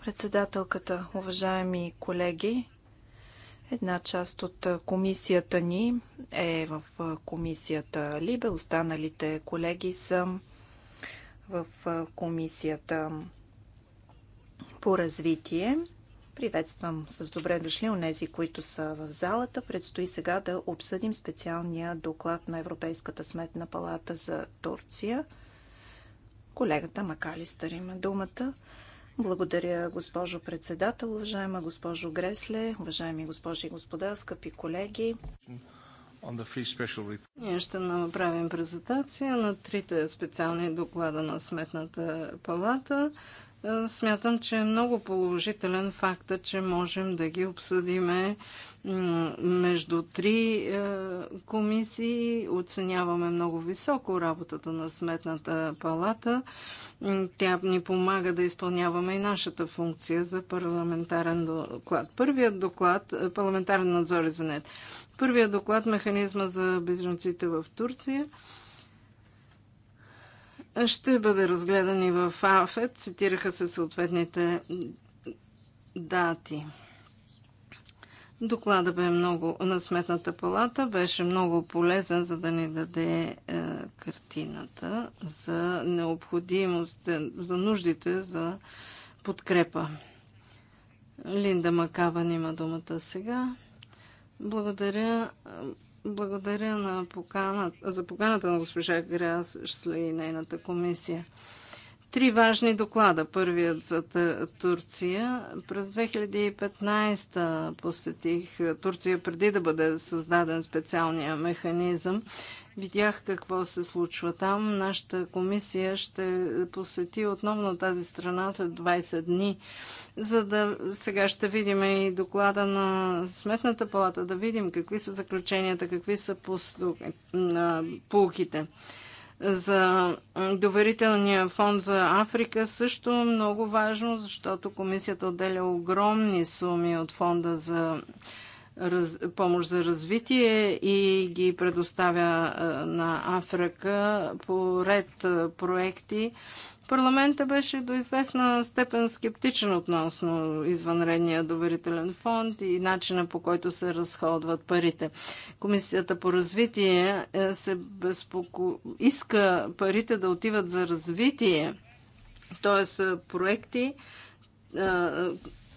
Председателката, уважаеми колеги, една част от комисията ни е в комисията Либе, останалите колеги са в комисията по развитие. Приветствам с добре дошли нези, които са в залата. Предстои сега да обсъдим специалния доклад на Европейската сметна палата за Турция – Колегата Макалистър има думата. Благодаря, госпожо председател, уважаема госпожо Гресле, уважаеми госпожи и господа, скъпи колеги. Ние ще направим презентация на трите специални доклада на Сметната палата е, смятам, че е много положителен факта, че можем да ги обсъдиме между три е, комисии. Оценяваме много високо работата на Сметната палата. Тя ни помага да изпълняваме и нашата функция за парламентарен доклад. Първият доклад, е, парламентарен надзор, извинете. Първият доклад, механизма за безранците в Турция – ще бъде разгледан и в АФЕД. Цитираха се съответните дати. Доклада бе много на Сметната палата, беше много полезен, за да ни даде е, картината за необходимост, за нуждите, за подкрепа. Линда Макава има думата сега. Благодаря. Благодаря на покана, за поканата на госпожа Грасли и нейната комисия. Три важни доклада. Първият за Турция. През 2015 посетих Турция преди да бъде създаден специалния механизъм. Видях какво се случва там. Нашата комисия ще посети отново на тази страна след 20 дни за да сега ще видим и доклада на Сметната палата, да видим какви са заключенията, какви са пулките. За доверителния фонд за Африка също много важно, защото комисията отделя огромни суми от фонда за раз, помощ за развитие и ги предоставя на Африка по ред проекти Парламента беше до известна степен скептичен относно извънредния доверителен фонд и начина по който се разходват парите. Комисията по развитие е, се безпоко... иска парите да отиват за развитие, т.е. проекти е,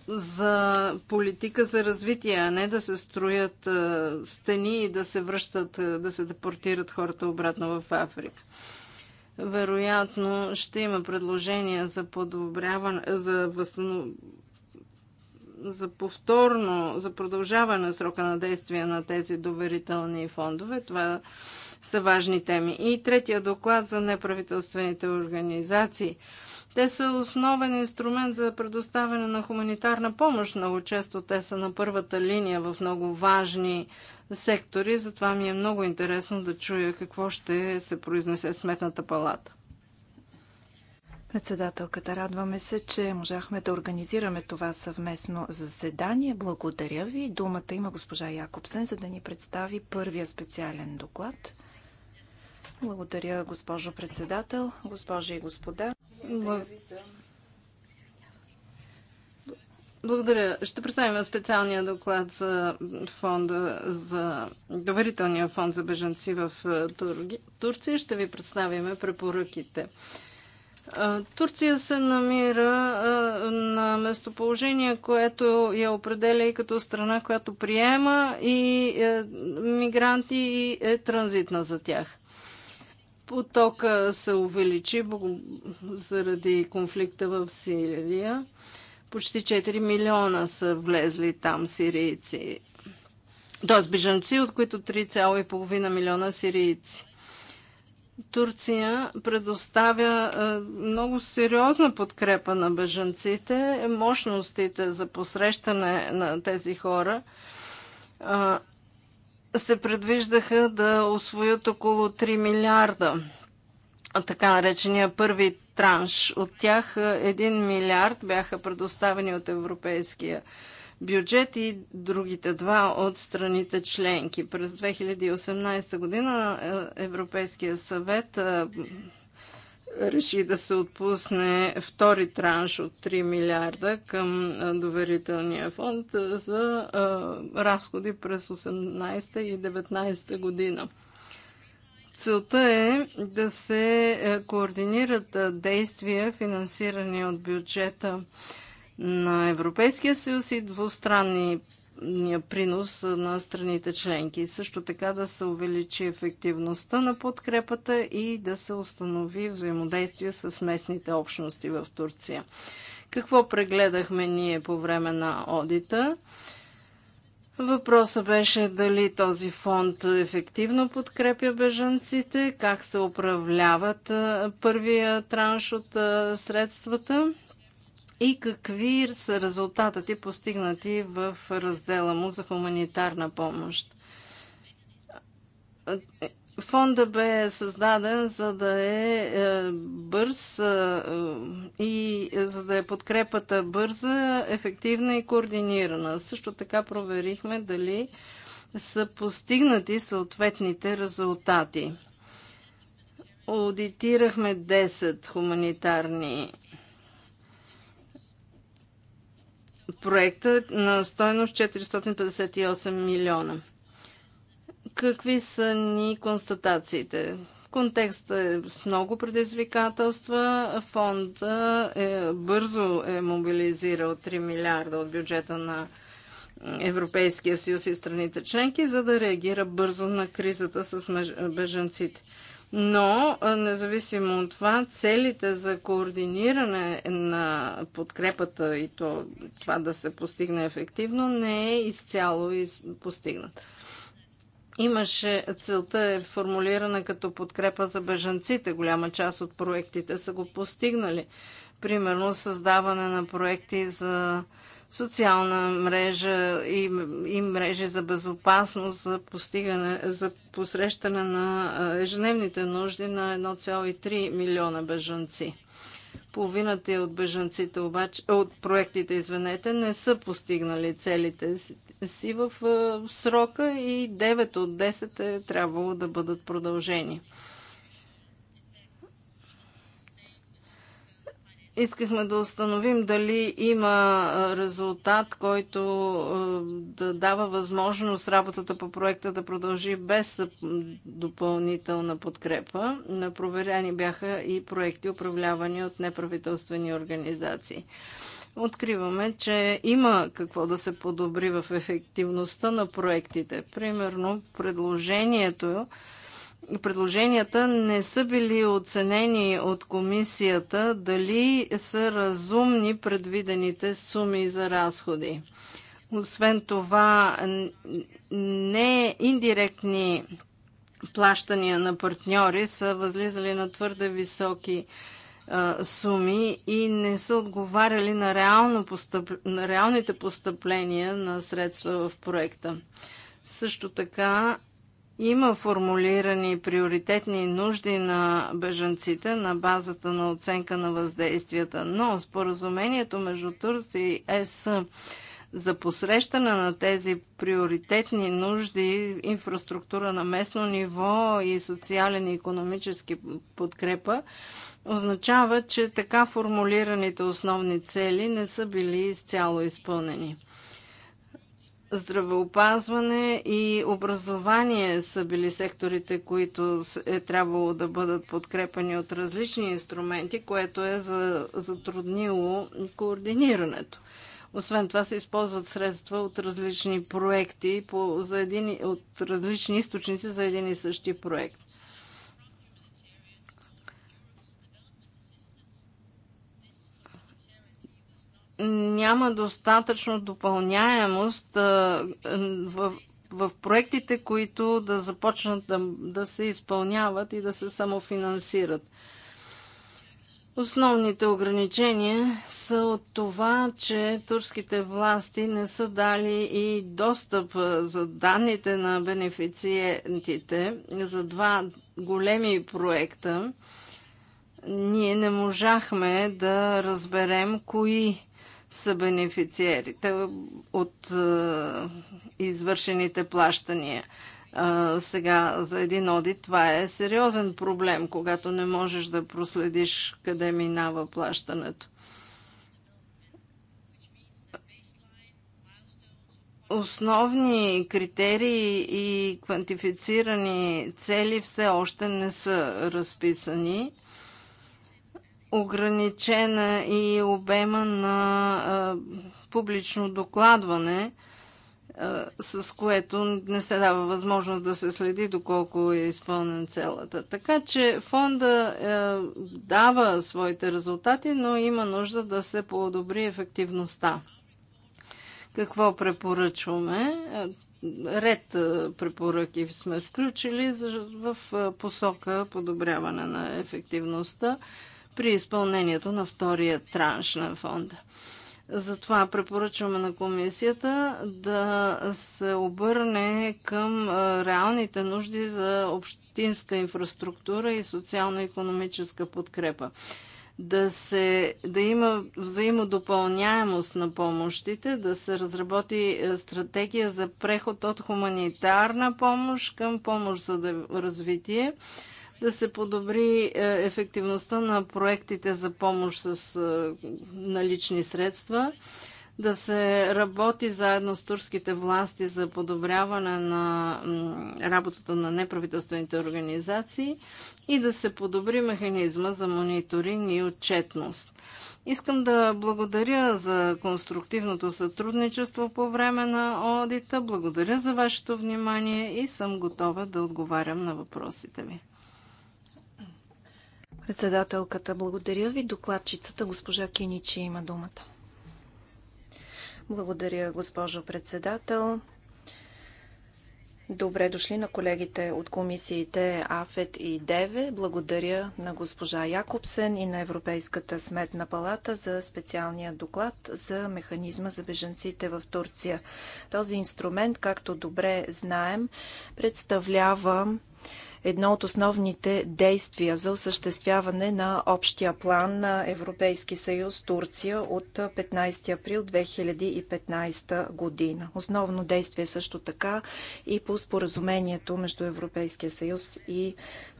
за политика за развитие, а не да се строят е, стени и да се връщат, да се депортират хората обратно в Африка. Вероятно ще има предложения за подобряване, за възстанов... за повторно, за продължаване срока на действие на тези доверителни фондове. Това са важни теми. И третия доклад за неправителствените организации. Те са основен инструмент за предоставяне на хуманитарна помощ. Много често те са на първата линия в много важни сектори, затова ми е много интересно да чуя какво ще се произнесе Сметната палата. Председателката, радваме се, че можахме да организираме това съвместно заседание. Благодаря ви. Думата има госпожа Якобсен, за да ни представи първия специален доклад. Благодаря, госпожо председател, госпожи и господа. Благодаря ви за благодаря. Ще представим специалния доклад за фонда за доверителния фонд за беженци в е, Турция. Ще ви представим препоръките. Е, Турция се намира е, на местоположение, което я определя и като страна, която приема и мигранти и е транзитна за тях. Потока се увеличи заради конфликта в Сирия. Почти 4 милиона са влезли там сирийци. Тоест бежанци, от които 3,5 милиона сирийци. Турция предоставя е, много сериозна подкрепа на бежанците, мощностите за посрещане на тези хора се предвиждаха да освоят около 3 милиарда. Така наречения първи транш. От тях 1 е, милиард бяха предоставени от Европейския бюджет и другите два от страните членки. През 2018 година е, Европейския съвет е, реши да се отпусне втори транш от 3 милиарда към доверителния фонд за разходи през 2018 и 2019 година. Целта е да се е, координират е, действия, финансирани от бюджета на Европейския съюз и двустранни принос е, на страните членки. Също така да се увеличи ефективността на подкрепата и да се установи взаимодействие с местните общности в Турция. Какво прегледахме ние по време на одита? Въпросът беше дали този фонд ефективно подкрепя бежанците, как се управляват първия транш от средствата и какви са резултатите постигнати в раздела му за хуманитарна помощ. Фонда бе създаден за да е, е бърз е, е, и за да е подкрепата бърза, ефективна и координирана. Също така проверихме дали са постигнати съответните резултати. Аудитирахме 10 хуманитарни проекта на стойност 458 милиона. Какви са ни констатациите? Контекстът е с много предизвикателства. Фонда е, бързо е мобилизирал 3 милиарда от бюджета на Европейския съюз и страните членки, за да реагира бързо на кризата с бежанците. Но, независимо от това, целите за координиране на подкрепата и то, това да се постигне ефективно не е изцяло постигнат имаше, целта е формулирана като подкрепа за бежанците. Голяма част от проектите са го постигнали. Примерно създаване на проекти за социална мрежа и, и мрежи за безопасност за, постигане, за посрещане на ежедневните нужди на 1,3 милиона бежанци. Половината от бежанците обаче, от проектите, извинете, не са постигнали целите си си в е, срока и 9 от 10 е трябвало да бъдат продължени. Искахме да установим дали има е, резултат, който е, да дава възможност работата по проекта да продължи без допълнителна подкрепа. Проверяни бяха и проекти, управлявани от неправителствени организации откриваме, че има какво да се подобри в ефективността на проектите. Примерно, предложението предложенията не са били оценени от комисията дали са разумни предвидените суми за разходи. Освен това, не индиректни плащания на партньори са възлизали на твърде високи суми и не са отговаряли на, реално постъп... на реалните постъпления на средства в проекта. Също така има формулирани приоритетни нужди на бежанците на базата на оценка на въздействията, но споразумението между Турция и ЕС за посрещане на тези приоритетни нужди, инфраструктура на местно ниво и социален и економически подкрепа, означава, че така формулираните основни цели не са били изцяло изпълнени. Здравеопазване и образование са били секторите, които е трябвало да бъдат подкрепени от различни инструменти, което е затруднило координирането. Освен това се използват средства от различни проекти по, за един, от различни източници за един и същи проект. няма достатъчно допълняемост в, в проектите, които да започнат да, да се изпълняват и да се самофинансират. Основните ограничения са от това, че турските власти не са дали и достъп за данните на бенефициентите за два големи проекта. Ние не можахме да разберем кои са бенефициерите от е, извършените плащания. Е, сега за един одит това е сериозен проблем, когато не можеш да проследиш къде минава плащането. основни критерии и квантифицирани цели все още не са разписани ограничена и обема на публично докладване, с което не се дава възможност да се следи доколко е изпълнен целата. Така че фонда дава своите резултати, но има нужда да се подобри ефективността. Какво препоръчваме? Ред препоръки сме включили в посока подобряване на ефективността при изпълнението на втория транш на фонда. Затова препоръчваме на комисията да се обърне към реалните нужди за общинска инфраструктура и социално-економическа подкрепа. Да, се, да има взаимодопълняемост на помощите, да се разработи стратегия за преход от хуманитарна помощ към помощ за развитие да се подобри е, ефективността на проектите за помощ с е, налични средства, да се работи заедно с турските власти за подобряване на работата на неправителствените организации и да се подобри механизма за мониторинг и отчетност. Искам да благодаря за конструктивното сътрудничество по време на одита. Благодаря за вашето внимание и съм готова да отговарям на въпросите ви. Председателката, благодаря ви. Докладчицата госпожа Киничи има думата. Благодаря, госпожо председател. Добре дошли на колегите от комисиите АФЕТ и ДЕВЕ. Благодаря на госпожа Якобсен и на Европейската сметна палата за специалния доклад за механизма за беженците в Турция. Този инструмент, както добре знаем, представлява едно от основните действия за осъществяване на общия план на Европейски съюз Турция от 15 април 2015 година. Основно действие също така и по споразумението между Европейския съюз и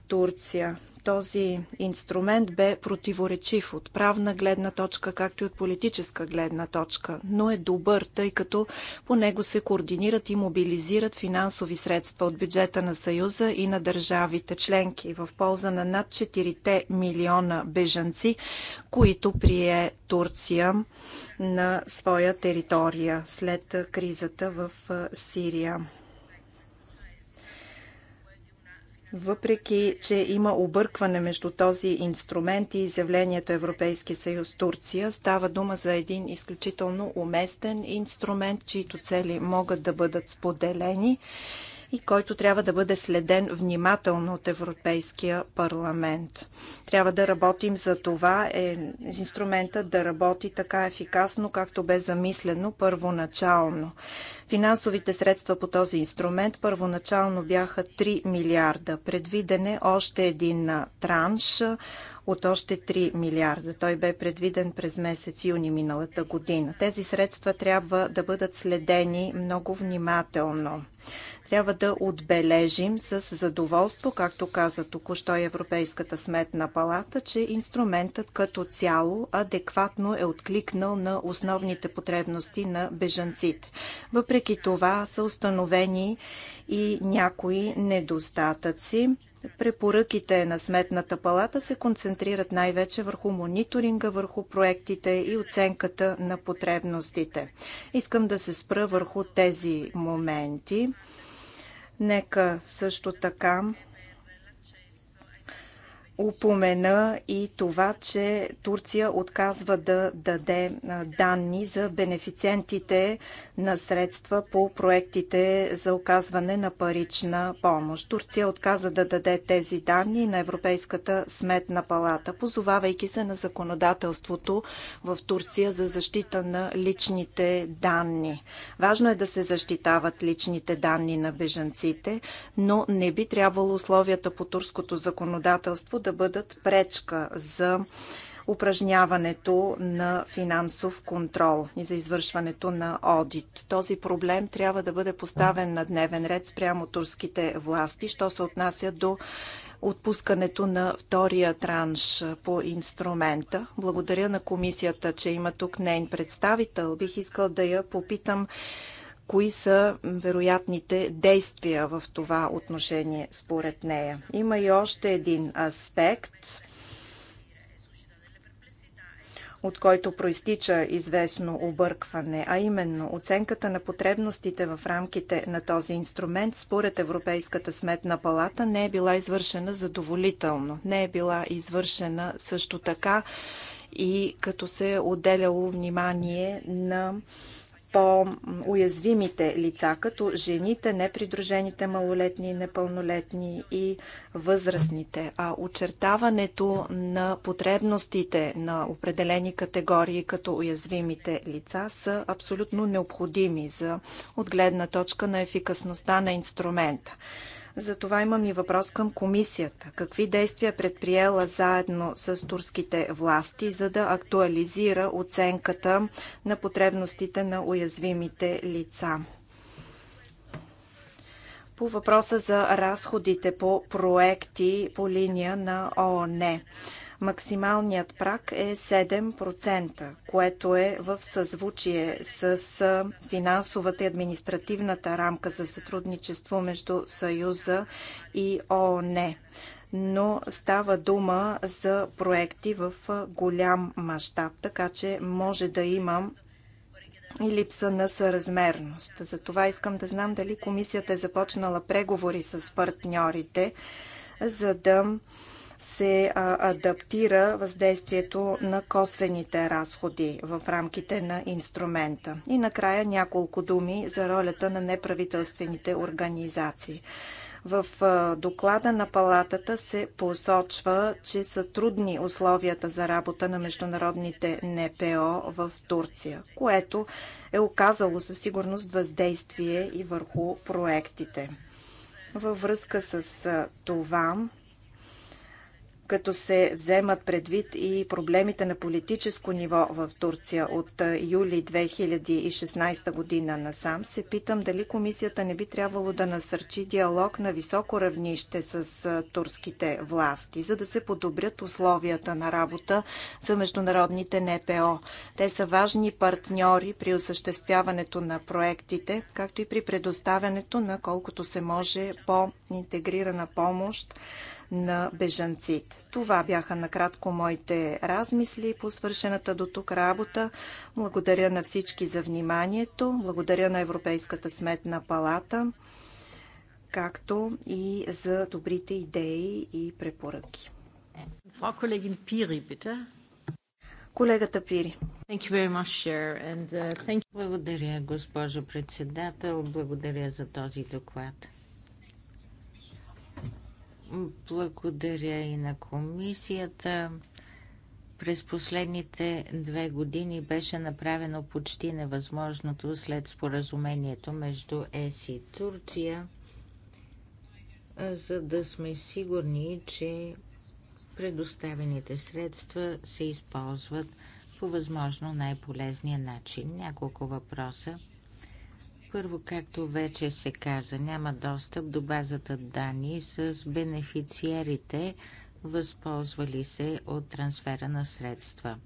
Турция. Този инструмент бе противоречив от правна гледна точка, както и от политическа гледна точка, но е добър, тъй като по него се координират и мобилизират финансови средства от бюджета на Съюза и на държавите членки в полза на над 4 милиона бежанци, които прие Турция на своя територия след кризата в Сирия. Въпреки, че има объркване между този инструмент и изявлението Европейски съюз Турция, става дума за един изключително уместен инструмент, чието цели могат да бъдат споделени и който трябва да бъде следен внимателно от Европейския парламент. Трябва да работим за това е инструмента да работи така ефикасно, както бе замислено първоначално. Финансовите средства по този инструмент първоначално бяха 3 милиарда. Предвиден е още един транш от още 3 милиарда. Той бе предвиден през месец юни миналата година. Тези средства трябва да бъдат следени много внимателно. Трябва да отбележим с задоволство, както каза току-що Европейската сметна палата, че инструментът като цяло адекватно е откликнал на основните потребности на бежанците. Въпреки това са установени и някои недостатъци. Препоръките на Сметната палата се концентрират най-вече върху мониторинга, върху проектите и оценката на потребностите. Искам да се спра върху тези моменти. Нека също така упомена и това, че Турция отказва да даде данни за бенефициентите на средства по проектите за оказване на парична помощ. Турция отказа да даде тези данни на Европейската сметна палата, позовавайки се на законодателството в Турция за защита на личните данни. Важно е да се защитават личните данни на бежанците, но не би трябвало условията по турското законодателство да бъдат пречка за упражняването на финансов контрол и за извършването на одит. Този проблем трябва да бъде поставен на дневен ред спрямо турските власти, що се отнася до отпускането на втория транш по инструмента. Благодаря на комисията, че има тук нейн представител. Бих искал да я попитам кои са вероятните действия в това отношение според нея. Има и още един аспект, от който проистича известно объркване, а именно оценката на потребностите в рамките на този инструмент според Европейската сметна палата не е била извършена задоволително. Не е била извършена също така и като се е отделяло внимание на по-уязвимите лица, като жените, непридружените малолетни, непълнолетни и възрастните. А очертаването на потребностите на определени категории, като уязвимите лица, са абсолютно необходими за отгледна точка на ефикасността на инструмента. Затова имам и въпрос към комисията. Какви действия е предприела заедно с турските власти, за да актуализира оценката на потребностите на уязвимите лица? По въпроса за разходите по проекти по линия на ООН. Максималният прак е 7%, което е в съзвучие с финансовата и административната рамка за сътрудничество между Съюза и ООН но става дума за проекти в голям мащаб, така че може да имам и липса на съразмерност. Затова искам да знам дали комисията е започнала преговори с партньорите, за да се адаптира въздействието на косвените разходи в рамките на инструмента. И накрая няколко думи за ролята на неправителствените организации. В доклада на палатата се посочва, че са трудни условията за работа на международните НПО в Турция, което е оказало със сигурност въздействие и върху проектите. Във връзка с това, като се вземат предвид и проблемите на политическо ниво в Турция от юли 2016 година насам, се питам дали комисията не би трябвало да насърчи диалог на високо равнище с турските власти, за да се подобрят условията на работа за международните НПО. Те са важни партньори при осъществяването на проектите, както и при предоставянето на колкото се може по-интегрирана помощ на бежанците. Това бяха накратко моите размисли по свършената до тук работа. Благодаря на всички за вниманието. Благодаря на Европейската сметна палата, както и за добрите идеи и препоръки. Колегата Пири. Uh, Благодаря, госпожо председател. Благодаря за този доклад. Благодаря и на комисията. През последните две години беше направено почти невъзможното след споразумението между ЕС и Турция, за да сме сигурни, че предоставените средства се използват по възможно най-полезния начин. Няколко въпроса първо, както вече се каза, няма достъп до базата данни с бенефициерите, възползвали се от трансфера на средства,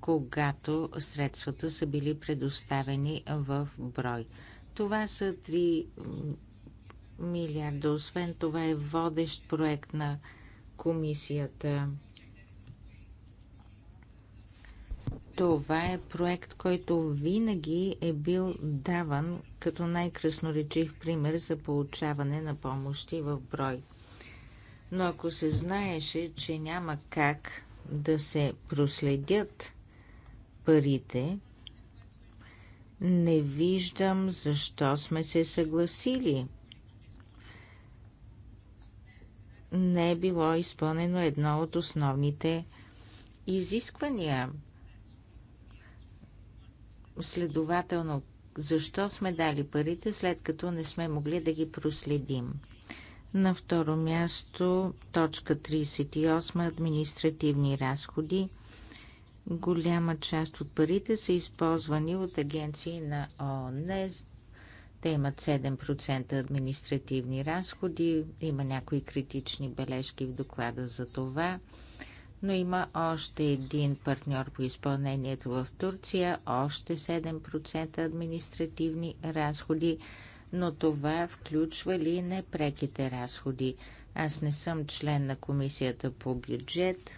когато средствата са били предоставени в брой. Това са 3 милиарда. Освен това е водещ проект на комисията. Това е проект, който винаги е бил даван като най-красноречив пример за получаване на помощи в брой. Но ако се знаеше, че няма как да се проследят парите, не виждам защо сме се съгласили. Не е било изпълнено едно от основните изисквания – Следователно, защо сме дали парите, след като не сме могли да ги проследим? На второ място, точка 38 административни разходи. Голяма част от парите са използвани от агенции на ООН. Те имат 7% административни разходи. Има някои критични бележки в доклада за това но има още един партньор по изпълнението в Турция, още 7% административни разходи, но това включва ли непреките разходи? Аз не съм член на комисията по бюджет.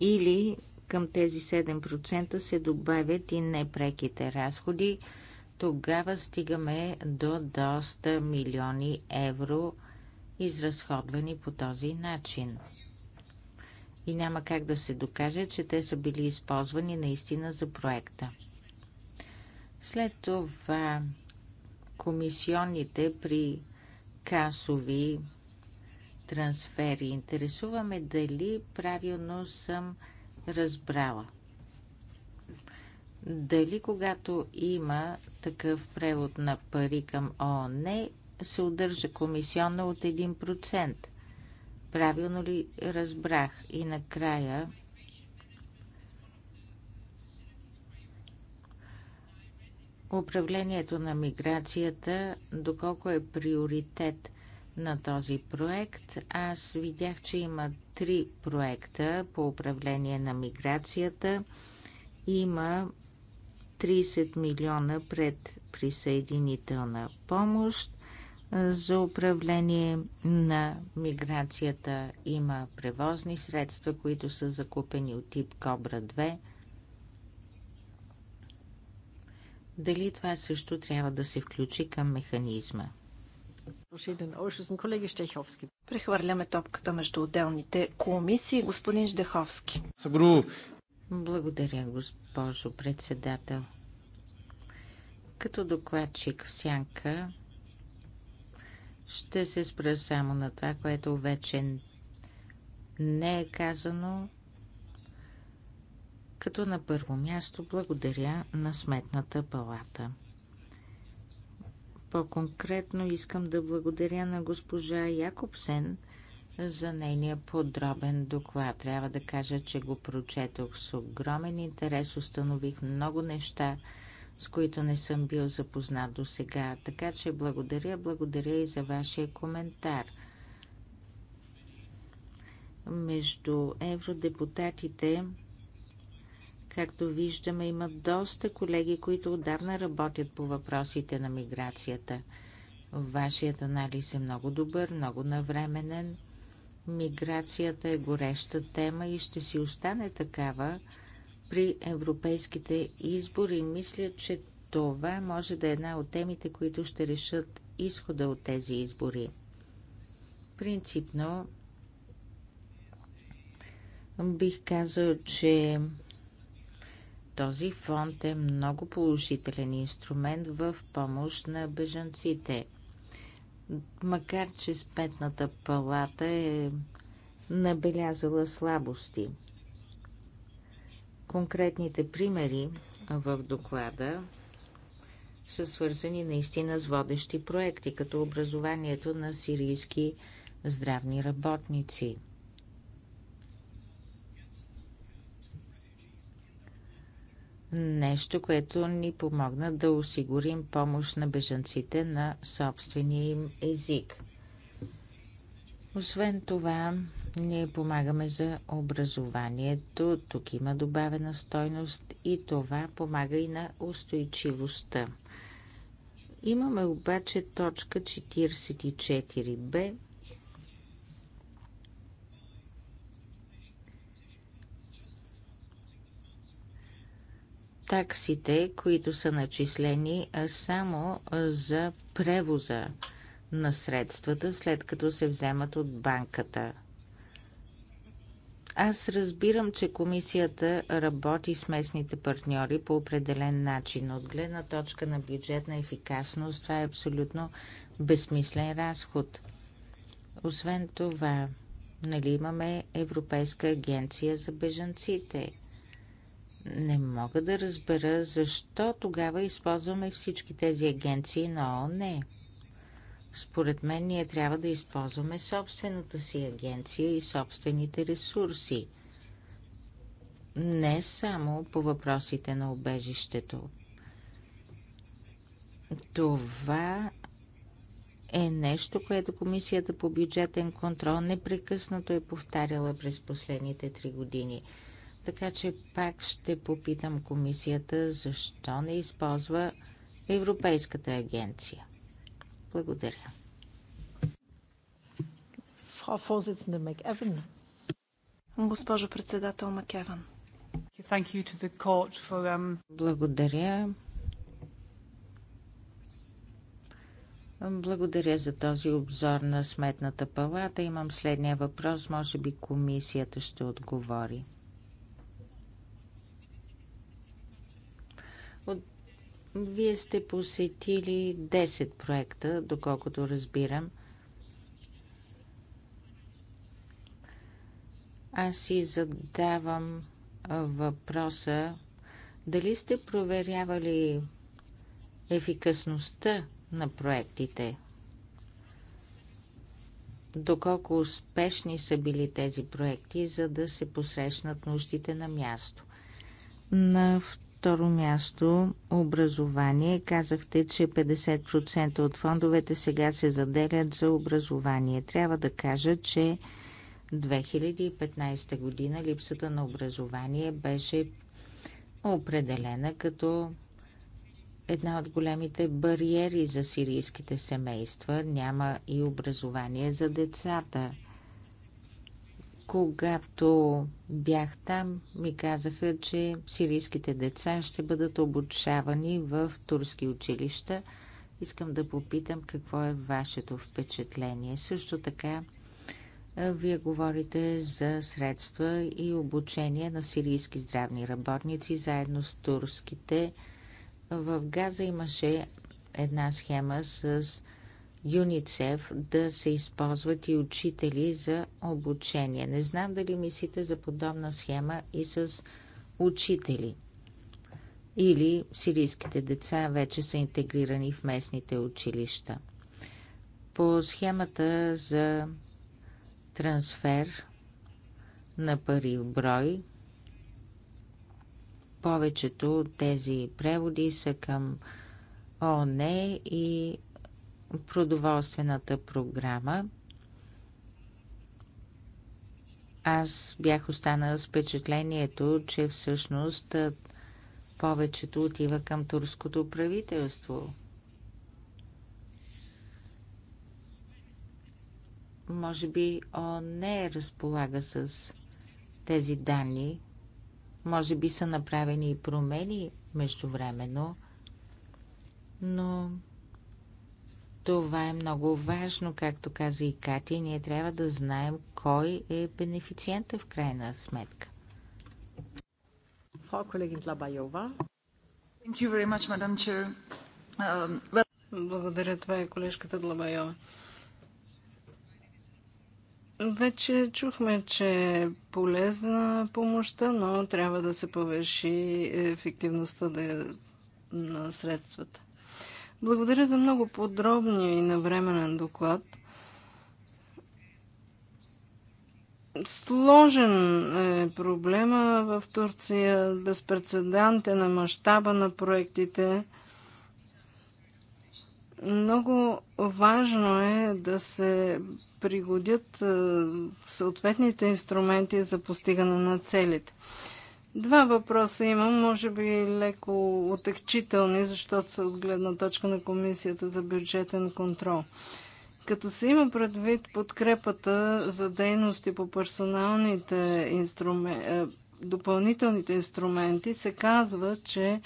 Или към тези 7% се добавят и непреките разходи, тогава стигаме до доста милиони евро – изразходвани по този начин. И няма как да се докаже, че те са били използвани наистина за проекта. След това комисионните при касови трансфери. Интересуваме дали правилно съм разбрала. Дали когато има такъв превод на пари към ООН, се удържа комисионна от 1%. Правилно ли разбрах? И накрая управлението на миграцията, доколко е приоритет на този проект. Аз видях, че има три проекта по управление на миграцията. Има 30 милиона пред присъединителна помощ за управление на миграцията. Има превозни средства, които са закупени от тип Кобра 2. Дали това също трябва да се включи към механизма? Прехвърляме топката между отделните комисии. Господин Ждеховски. Благодаря, госпожо председател. Като докладчик в сянка ще се спра само на това, което вече не е казано. Като на първо място благодаря на Сметната палата. По-конкретно искам да благодаря на госпожа Якобсен за нейния подробен доклад. Трябва да кажа, че го прочетох с огромен интерес, установих много неща, с които не съм бил запознат до сега. Така че благодаря, благодаря и за вашия коментар. Между евродепутатите, както виждаме, има доста колеги, които отдавна работят по въпросите на миграцията. Вашият анализ е много добър, много навременен. Миграцията е гореща тема и ще си остане такава при европейските избори. Мисля, че това може да е една от темите, които ще решат изхода от тези избори. Принципно бих казал, че този фонд е много положителен инструмент в помощ на бежанците. Макар, че спетната палата е набелязала слабости – Конкретните примери в доклада са свързани наистина с водещи проекти, като образованието на сирийски здравни работници. Нещо, което ни помогна да осигурим помощ на бежанците на собствения им език. Освен това, ние помагаме за образованието. Тук има добавена стойност и това помага и на устойчивостта. Имаме обаче точка 44b. Таксите, които са начислени само за превоза на средствата, след като се вземат от банката. Аз разбирам, че комисията работи с местните партньори по определен начин. От гледна точка на бюджетна ефикасност, това е абсолютно безсмислен разход. Освен това, нали имаме Европейска агенция за бежанците? Не мога да разбера защо тогава използваме всички тези агенции на ООН. Според мен ние трябва да използваме собствената си агенция и собствените ресурси. Не само по въпросите на обежището. Това е нещо, което Комисията по бюджетен контрол непрекъснато е повтаряла през последните три години. Така че пак ще попитам комисията защо не използва Европейската агенция. Благодаря. Госпожо председател Макеван. Um, Благодаря. Благодаря за този обзор на Сметната палата. Имам следния въпрос. Може би комисията ще отговори. Вие сте посетили 10 проекта, доколкото разбирам. Аз си задавам въпроса дали сте проверявали ефикасността на проектите? Доколко успешни са били тези проекти, за да се посрещнат нуждите на място? На второ място, образование. Казахте, че 50% от фондовете сега се заделят за образование. Трябва да кажа, че 2015 година липсата на образование беше определена като една от големите бариери за сирийските семейства. Няма и образование за децата – когато бях там, ми казаха, че сирийските деца ще бъдат обучавани в турски училища. Искам да попитам какво е вашето впечатление. Също така, вие говорите за средства и обучение на сирийски здравни работници заедно с турските. В Газа имаше една схема с ЮНИЦЕФ да се използват и учители за обучение. Не знам дали мислите за подобна схема и с учители. Или сирийските деца вече са интегрирани в местните училища. По схемата за трансфер на пари в брой, повечето от тези преводи са към ООН е и продоволствената програма. Аз бях останала с впечатлението, че всъщност повечето отива към турското правителство. Може би он не разполага с тези данни. Може би са направени и промени междувременно, но това е много важно, както каза и Кати. Ние трябва да знаем кой е бенефициента в крайна сметка. Um, Благодаря, това е колежката Длабайова. Вече чухме, че е полезна помощта, но трябва да се повеши ефективността е на средствата. Благодаря за много подробния и навременен доклад. Сложен е проблема в Турция, безпредседантен на е мащаба на проектите. Много важно е да се пригодят е, съответните инструменти за постигане на целите. Два въпроса имам, може би леко отекчителни, защото са от гледна точка на Комисията за бюджетен контрол. Като се има предвид подкрепата за дейности по персоналните инструменти, е, допълнителните инструменти, се казва, че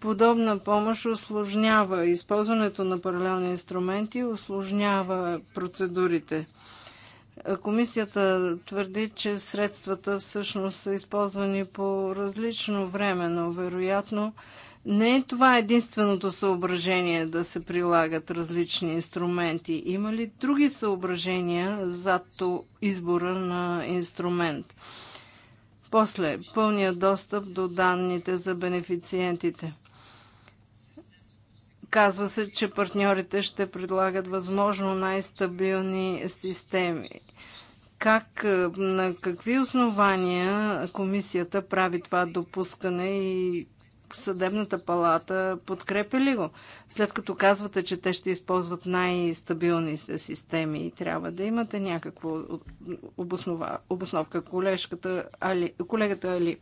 подобна помощ осложнява използването на паралелни инструменти, осложнява процедурите. Комисията твърди, че средствата всъщност са използвани по различно време, но вероятно не е това единственото съображение да се прилагат различни инструменти. Има ли други съображения зад избора на инструмент? После, пълния достъп до данните за бенефициентите. Казва се, че партньорите ще предлагат възможно най-стабилни системи. Как, е, на какви основания комисията прави това допускане и съдебната палата подкрепя ли го? След като казвате, че те ще използват най-стабилните системи и трябва да имате някаква обоснова, обосновка. Колежката Али, колегата Али.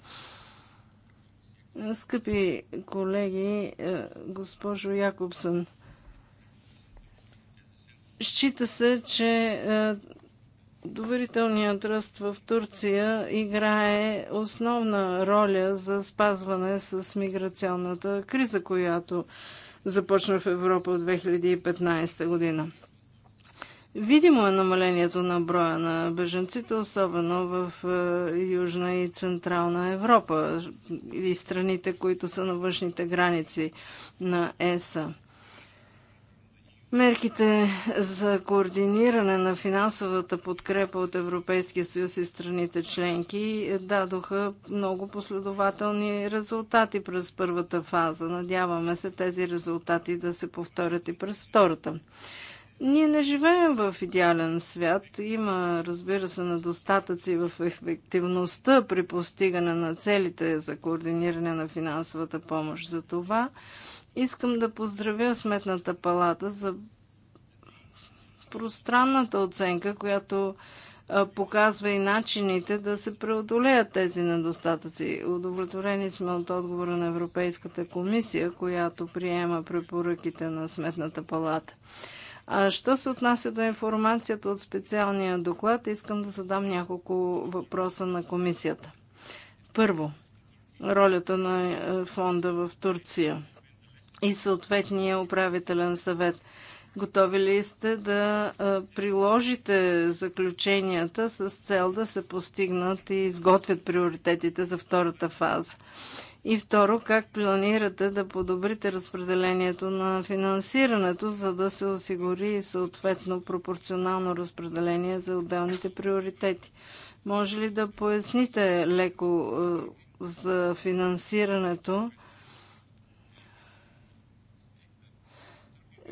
Скъпи колеги, е, госпожо Якобсън, счита се, че е, доверителният ръст в Турция играе основна роля за спазване с миграционната криза, която започна в Европа от 2015 година. Видимо е намалението на броя на беженците, особено в е, Южна и Централна Европа и страните, които са на външните граници на ЕСА. Мерките за координиране на финансовата подкрепа от Европейския съюз и страните членки е, дадоха много последователни резултати през първата фаза. Надяваме се тези резултати да се повторят и през втората. Ние не живеем в идеален свят. Има, разбира се, недостатъци в ефективността при постигане на целите за координиране на финансовата помощ. За това искам да поздравя Сметната палата за пространната оценка, която показва и начините да се преодолеят тези недостатъци. Удовлетворени сме от отговора на Европейската комисия, която приема препоръките на Сметната палата. А що се отнася до информацията от специалния доклад, искам да задам няколко въпроса на комисията. Първо, ролята на е, фонда в Турция и съответния управителен съвет. Готови ли сте да е, приложите заключенията с цел да се постигнат и изготвят приоритетите за втората фаза? И второ, как планирате да подобрите разпределението на финансирането, за да се осигури съответно пропорционално разпределение за отделните приоритети? Може ли да поясните леко е, за финансирането?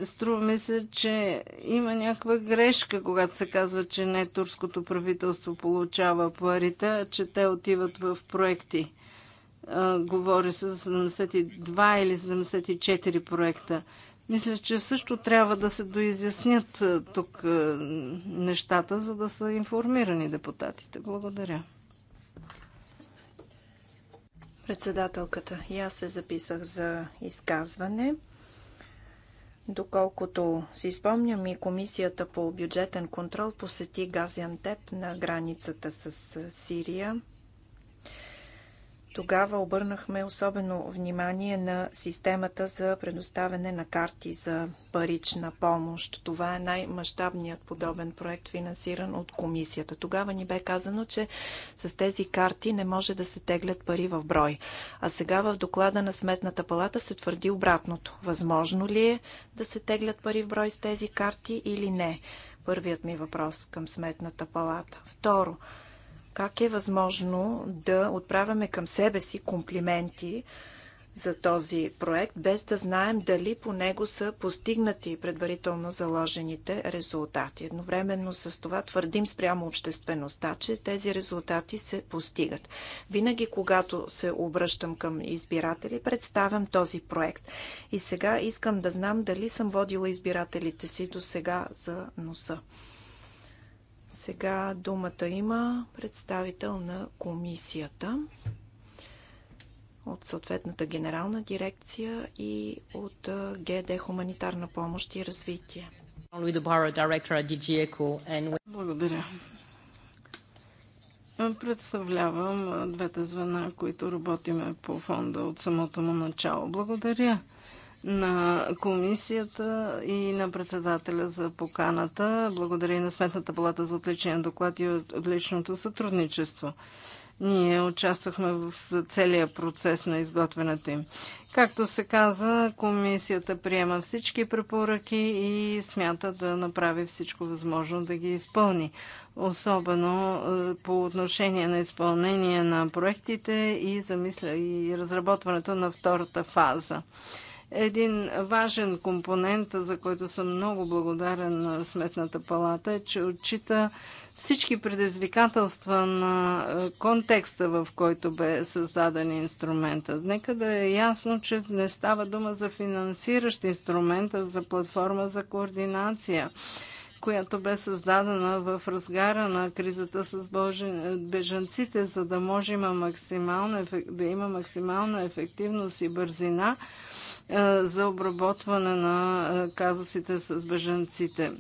Струва ми се, че има някаква грешка, когато се казва, че не турското правителство получава парите, а че те отиват в проекти говори с 72 или 74 проекта. Мисля, че също трябва да се доизяснят тук нещата, за да са информирани депутатите. Благодаря. Председателката, и аз се записах за изказване. Доколкото си спомням и комисията по бюджетен контрол посети Газиантеп на границата с Сирия. Тогава обърнахме особено внимание на системата за предоставяне на карти за парична помощ. Това е най-мащабният подобен проект, финансиран от комисията. Тогава ни бе казано, че с тези карти не може да се теглят пари в брой. А сега в доклада на Сметната палата се твърди обратното. Възможно ли е да се теглят пари в брой с тези карти или не? Първият ми въпрос към Сметната палата. Второ, как е възможно да отправяме към себе си комплименти за този проект, без да знаем дали по него са постигнати предварително заложените резултати? Едновременно с това твърдим спрямо обществеността, че тези резултати се постигат. Винаги, когато се обръщам към избиратели, представям този проект. И сега искам да знам дали съм водила избирателите си до сега за носа. Сега думата има представител на комисията от съответната генерална дирекция и от ГД Хуманитарна помощ и развитие. Благодаря. Представлявам двете звена, които работиме по фонда от самото му начало. Благодаря на комисията и на председателя за поканата. Благодаря и на Сметната палата за отличен доклад и отличното сътрудничество. Ние участвахме в целия процес на изготвянето им. Както се каза, комисията приема всички препоръки и смята да направи всичко възможно да ги изпълни. Особено е, по отношение на изпълнение на проектите и, замисля, и разработването на втората фаза. Един важен компонент, за който съм много благодарен на Сметната палата, е, че отчита всички предизвикателства на е, контекста, в който бе създаден инструментът. Нека да е ясно, че не става дума за финансиращ инструмента, за платформа за координация която бе създадена в разгара на кризата с е, бежанците, за да може да има максимална ефективност и бързина е, за обработване на е, казусите с бежанците.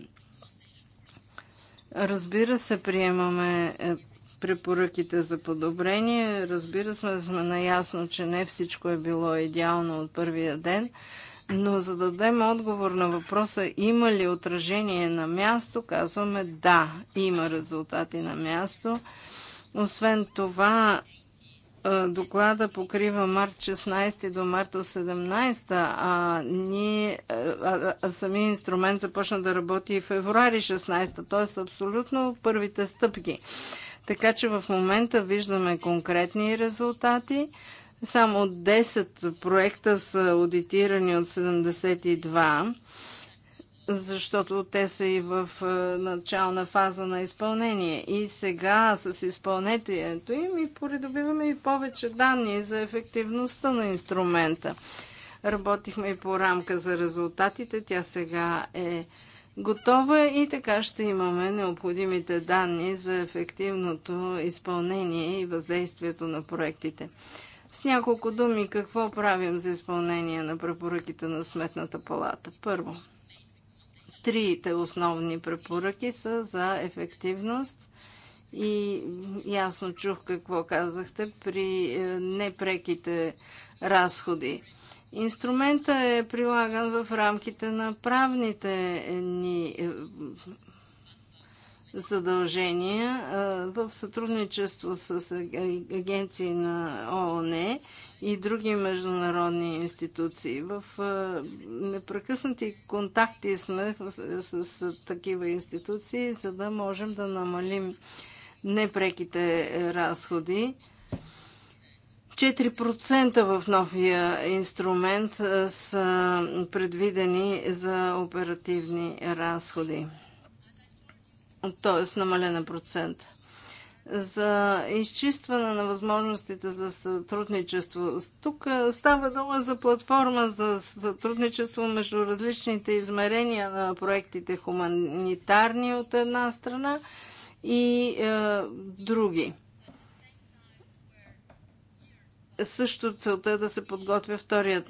Разбира се, приемаме е, препоръките за подобрение. Разбира се, сме наясно, че не всичко е било идеално от първия ден, но за да дадем отговор на въпроса има ли отражение на място, казваме да, има резултати на място. Освен това, доклада покрива март 16 до март 18, а, ние, а, а самия инструмент започна да работи и февруари 16, т.е. абсолютно първите стъпки. Така че в момента виждаме конкретни резултати. Само 10 проекта са аудитирани от 72 защото те са и в е, начална фаза на изпълнение. И сега с изпълнението им и придобиваме и повече данни за ефективността на инструмента. Работихме и по рамка за резултатите. Тя сега е готова и така ще имаме необходимите данни за ефективното изпълнение и въздействието на проектите. С няколко думи какво правим за изпълнение на препоръките на Сметната палата. Първо – трите основни препоръки са за ефективност и ясно чух какво казахте при е, непреките разходи. Инструмента е прилаган в рамките на правните е, ни е, задължения в сътрудничество с агенции на ООН и други международни институции. В непрекъснати контакти сме с такива институции, за да можем да намалим непреките разходи. 4% в новия инструмент са предвидени за оперативни разходи, Тоест намалена процента за изчистване на възможностите за сътрудничество. Тук става дума за платформа за сътрудничество между различните измерения на проектите хуманитарни от една страна и е, други. Също целта е да се подготвя втория,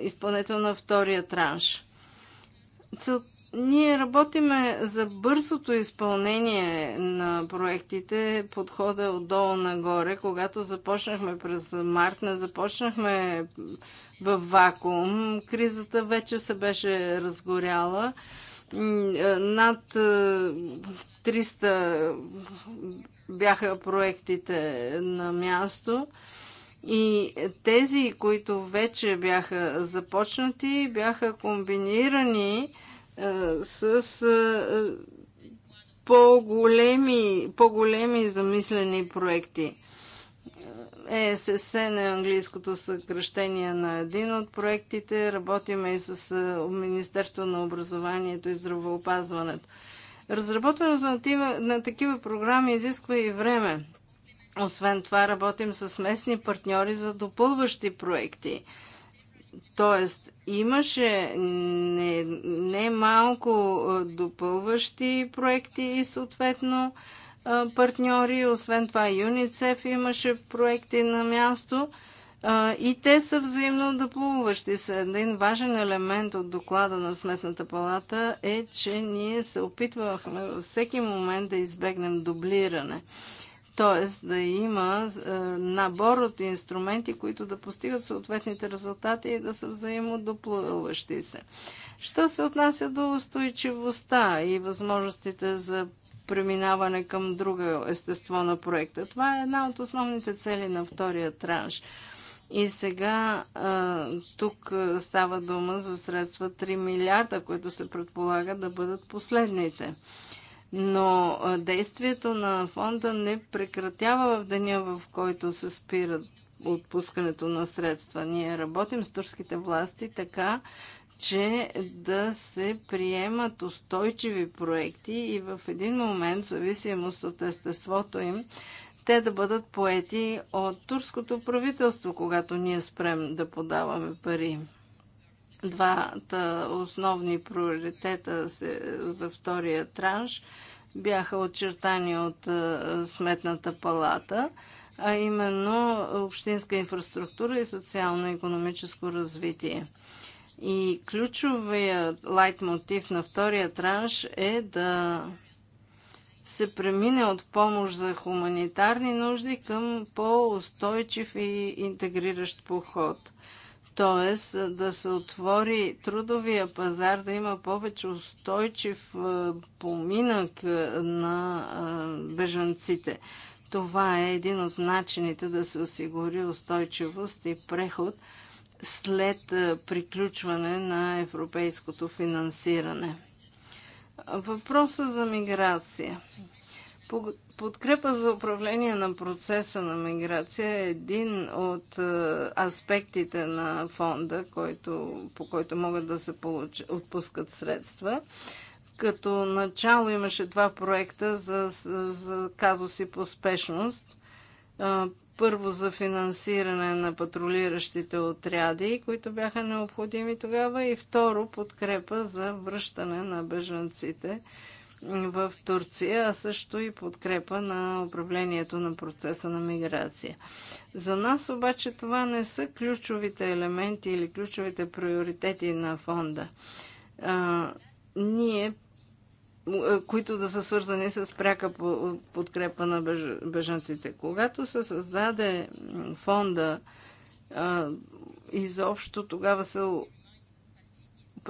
изпълнител на втория транш. Целта ние работиме за бързото изпълнение на проектите, подхода отдолу нагоре. Когато започнахме през март, не започнахме в вакуум. Кризата вече се беше разгоряла. Над 300 е, бяха проектите на място. И тези, които вече бяха започнати, бяха комбинирани с по-големи, по-големи замислени проекти. ЕССН е английското съкръщение на един от проектите. Работиме и с Министерство на образованието и здравеопазването. Разработването на, тива, на такива програми изисква и време. Освен това, работим с местни партньори за допълващи проекти Тоест, имаше не, не малко допълващи проекти и съответно партньори. Освен това, ЮНИЦЕФ имаше проекти на място и те са взаимно допълващи се. Един важен елемент от доклада на Сметната палата е, че ние се опитвахме във всеки момент да избегнем дублиране т.е. да има е, набор от инструменти, които да постигат съответните резултати и да са взаимодоплуващи се. Що се отнася до устойчивостта и възможностите за преминаване към друга естество на проекта. Това е една от основните цели на втория транш. И сега е, тук става дума за средства 3 милиарда, които се предполага да бъдат последните но действието на фонда не прекратява в деня, в който се спират отпускането на средства. Ние работим с турските власти така, че да се приемат устойчиви проекти и в един момент, в зависимост от естеството им, те да бъдат поети от турското правителство, когато ние спрем да подаваме пари. Двата основни приоритета за втория транш бяха очертани от Сметната палата, а именно общинска инфраструктура и социално-економическо развитие. И ключовият лайтмотив на втория транш е да се премине от помощ за хуманитарни нужди към по-устойчив и интегриращ поход – т.е. да се отвори трудовия пазар, да има повече устойчив поминък на бежанците. Това е един от начините да се осигури устойчивост и преход след приключване на европейското финансиране. Въпроса за миграция. По Подкрепа за управление на процеса на миграция е един от е, аспектите на фонда, който, по който могат да се получи, отпускат средства. Като начало имаше два проекта за, за казуси по спешност. Е, първо за финансиране на патрулиращите отряди, които бяха необходими тогава, и второ подкрепа за връщане на бежанците в Турция, а също и подкрепа на управлението на процеса на миграция. За нас обаче това не са ключовите елементи или ключовите приоритети на фонда. А, ние, които да са свързани с пряка подкрепа на бежанците. Когато се създаде фонда, изобщо тогава се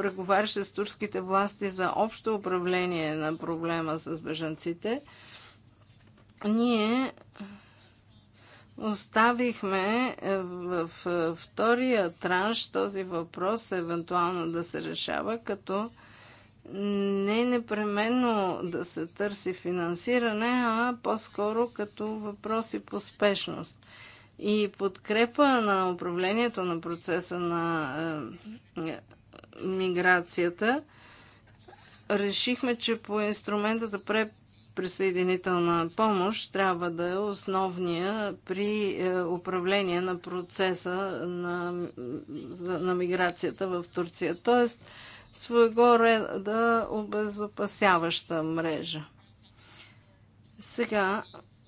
преговаряше с турските власти за общо управление на проблема с бежанците, ние оставихме е, в втория транш този въпрос евентуално да се решава, като не непременно да се търси финансиране, а по-скоро като въпроси по спешност. И подкрепа на управлението на процеса на е, миграцията, решихме, че по инструмента за преприсъединителна помощ трябва да е основния при е, управление на процеса на, на миграцията в Турция. Тоест, своего реда обезопасяваща мрежа. Сега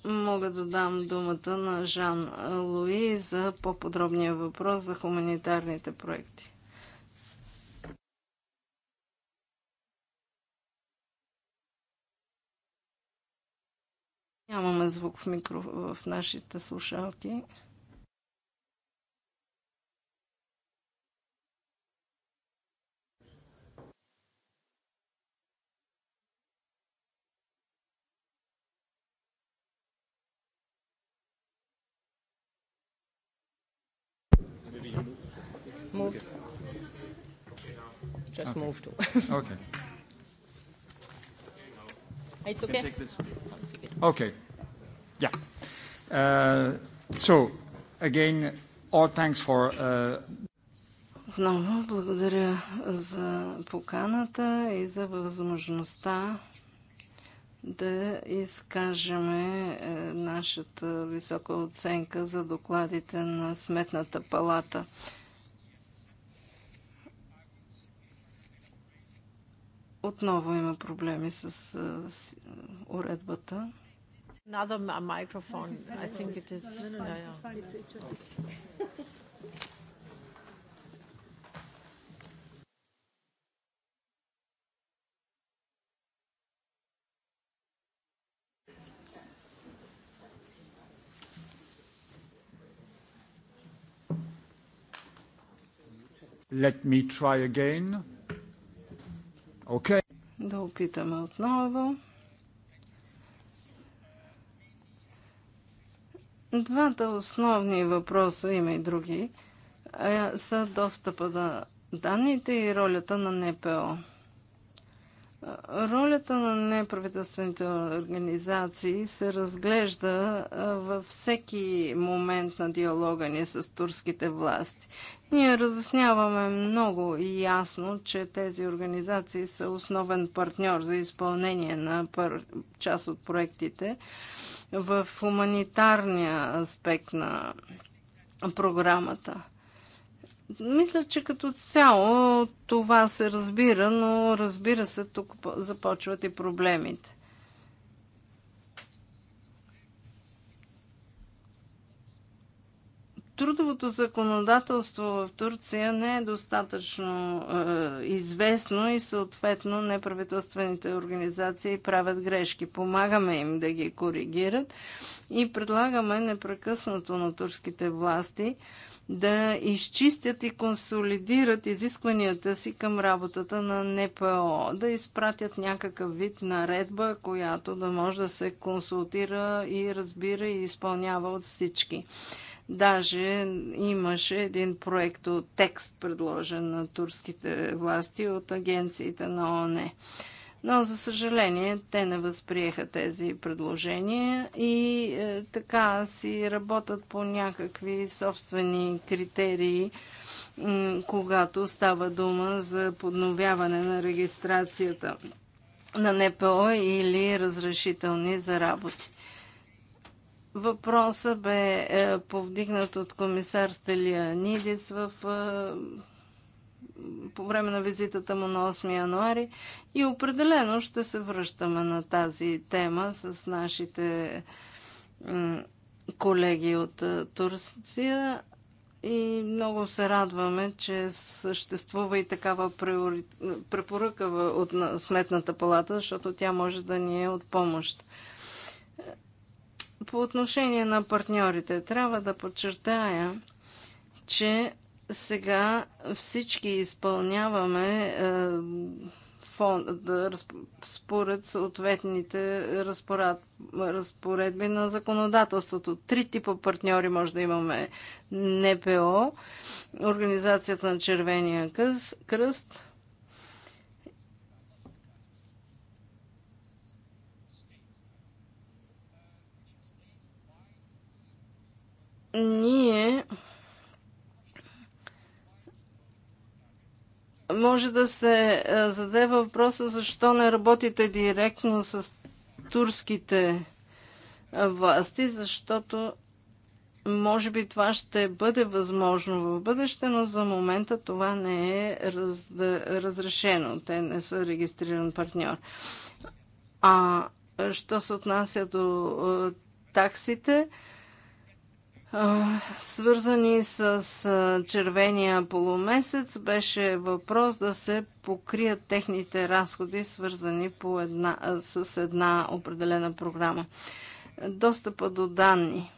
мога да дам думата на Жан Луи за по-подробния въпрос за хуманитарните проекти. Нямаме звук в, микро... в нашите слушалки. Move. Just okay. move to. okay. It's okay? Take this. Okay. Yeah. Uh, so, again, all thanks for... Много uh, благодаря за поканата и за възможността да изкажеме нашата висока оценка за докладите на Сметната палата. Отново има проблеми с уредбата. Let me try again. Okay. Да опитаме отново. Двата основни въпроса, има и други, са достъпа на данните и ролята на НПО. Ролята на неправителствените организации се разглежда във всеки момент на диалога ни с турските власти. Ние разясняваме много и ясно, че тези организации са основен партньор за изпълнение на част от проектите в хуманитарния аспект на програмата. Мисля, че като цяло това се разбира, но разбира се, тук започват и проблемите. Трудовото законодателство в Турция не е достатъчно е, известно и съответно неправителствените организации правят грешки. Помагаме им да ги коригират и предлагаме непрекъснато на турските власти да изчистят и консолидират изискванията си към работата на НПО, да изпратят някакъв вид наредба, която да може да се консултира и разбира и изпълнява от всички. Даже имаше един проект от текст, предложен на турските власти от агенциите на ОНЕ. Но, за съжаление, те не възприеха тези предложения и е, така си работят по някакви собствени критерии, когато става дума за подновяване на регистрацията на НПО или разрешителни за работи. Въпросът бе е, повдигнат от комисар Стелианидис в, е, по време на визитата му на 8 януари и определено ще се връщаме на тази тема с нашите колеги от е, Турция и много се радваме, че съществува и такава препоръка от Сметната палата, защото тя може да ни е от помощ. По отношение на партньорите, трябва да подчертая, че сега всички изпълняваме е, да, според съответните разпорад, разпоредби на законодателството. Три типа партньори може да имаме. НПО, Организацията на Червения кръст, ние може да се е, заде въпроса защо не работите директно с турските е, власти, защото може би това ще бъде възможно в бъдеще, но за момента това не е раз, разрешено. Те не са регистриран партньор. А що се отнася до е, таксите, свързани с червения полумесец, беше въпрос да се покрият техните разходи, свързани по една, с една определена програма. Достъпа до данни.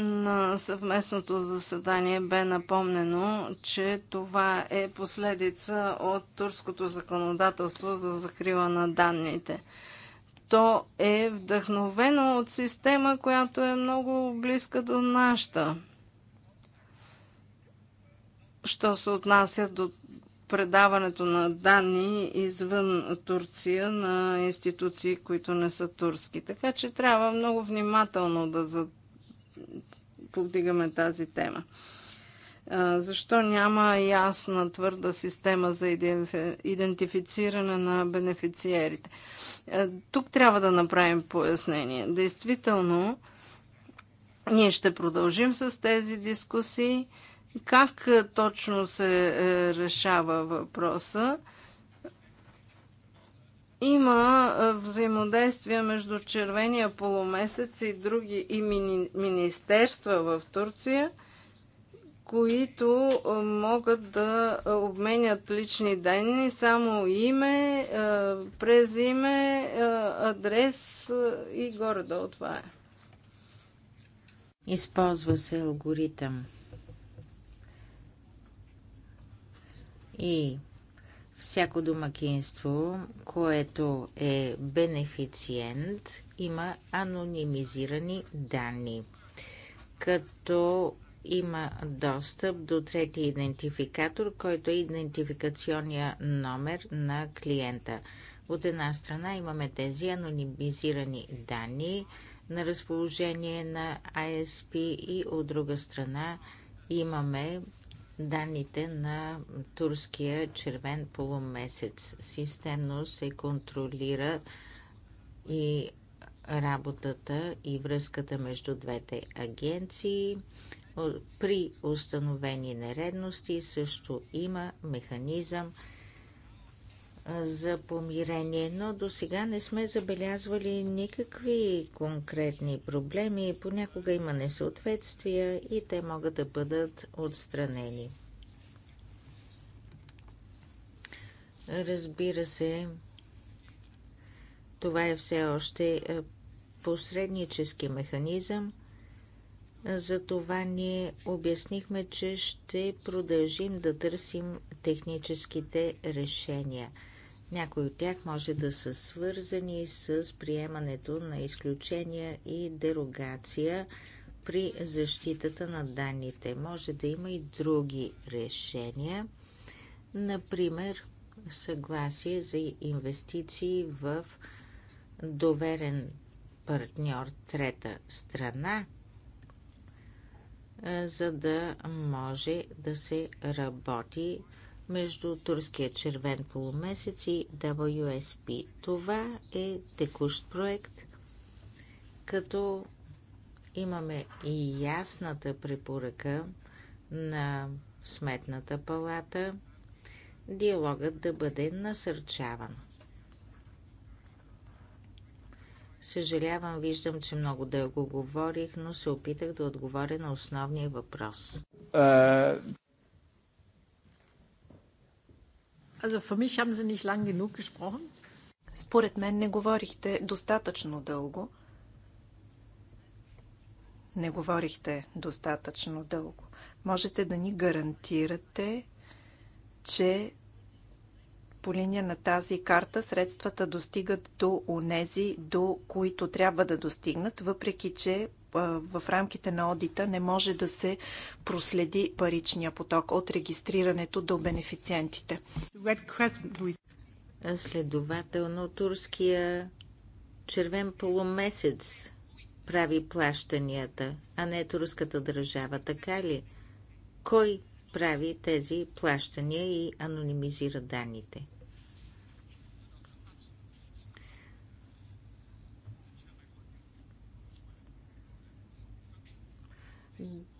на съвместното заседание бе напомнено, че това е последица от турското законодателство за закрива на данните. То е вдъхновено от система, която е много близка до нашата. Що се отнася до предаването на данни извън Турция на институции, които не са турски. Така че трябва много внимателно да повдигаме тази тема. Защо няма ясна твърда система за идентифициране на бенефициерите? Тук трябва да направим пояснение. Действително, ние ще продължим с тези дискусии. Как точно се е, решава въпроса? има взаимодействие между Червения полумесец и други и мини, министерства в Турция, които могат да обменят лични данни само име, през име, адрес и горе-долу това е. Използва се алгоритъм. И Всяко домакинство, което е бенефициент, има анонимизирани данни, като има достъп до трети идентификатор, който е идентификационния номер на клиента. От една страна имаме тези анонимизирани данни на разположение на ISP и от друга страна имаме данните на турския червен полумесец. Системно се контролира и работата и връзката между двете агенции. При установени нередности също има механизъм за помирение, но до сега не сме забелязвали никакви конкретни проблеми. Понякога има несъответствия и те могат да бъдат отстранени. Разбира се, това е все още е, посреднически механизъм. Затова ние обяснихме, че ще продължим да търсим техническите решения – някои от тях може да са свързани с приемането на изключения и дерогация при защитата на данните. Може да има и други решения, например съгласие за инвестиции в доверен партньор трета страна, за да може да се работи между Турския червен полумесец и WSP. Това е текущ проект, като имаме и ясната препоръка на Сметната палата диалогът да бъде насърчаван. Съжалявам, виждам, че много дълго говорих, но се опитах да отговоря на основния въпрос. Е, Според мен не говорихте достатъчно дълго. Не говорихте достатъчно дълго. Можете да ни гарантирате, че по линия на тази карта средствата достигат до онези, до които трябва да достигнат, въпреки че в рамките на одита не може да се проследи паричния поток от регистрирането до бенефициентите. Следователно, турския червен полумесец прави плащанията, а не турската държава, така ли? Кой прави тези плащания и анонимизира данните.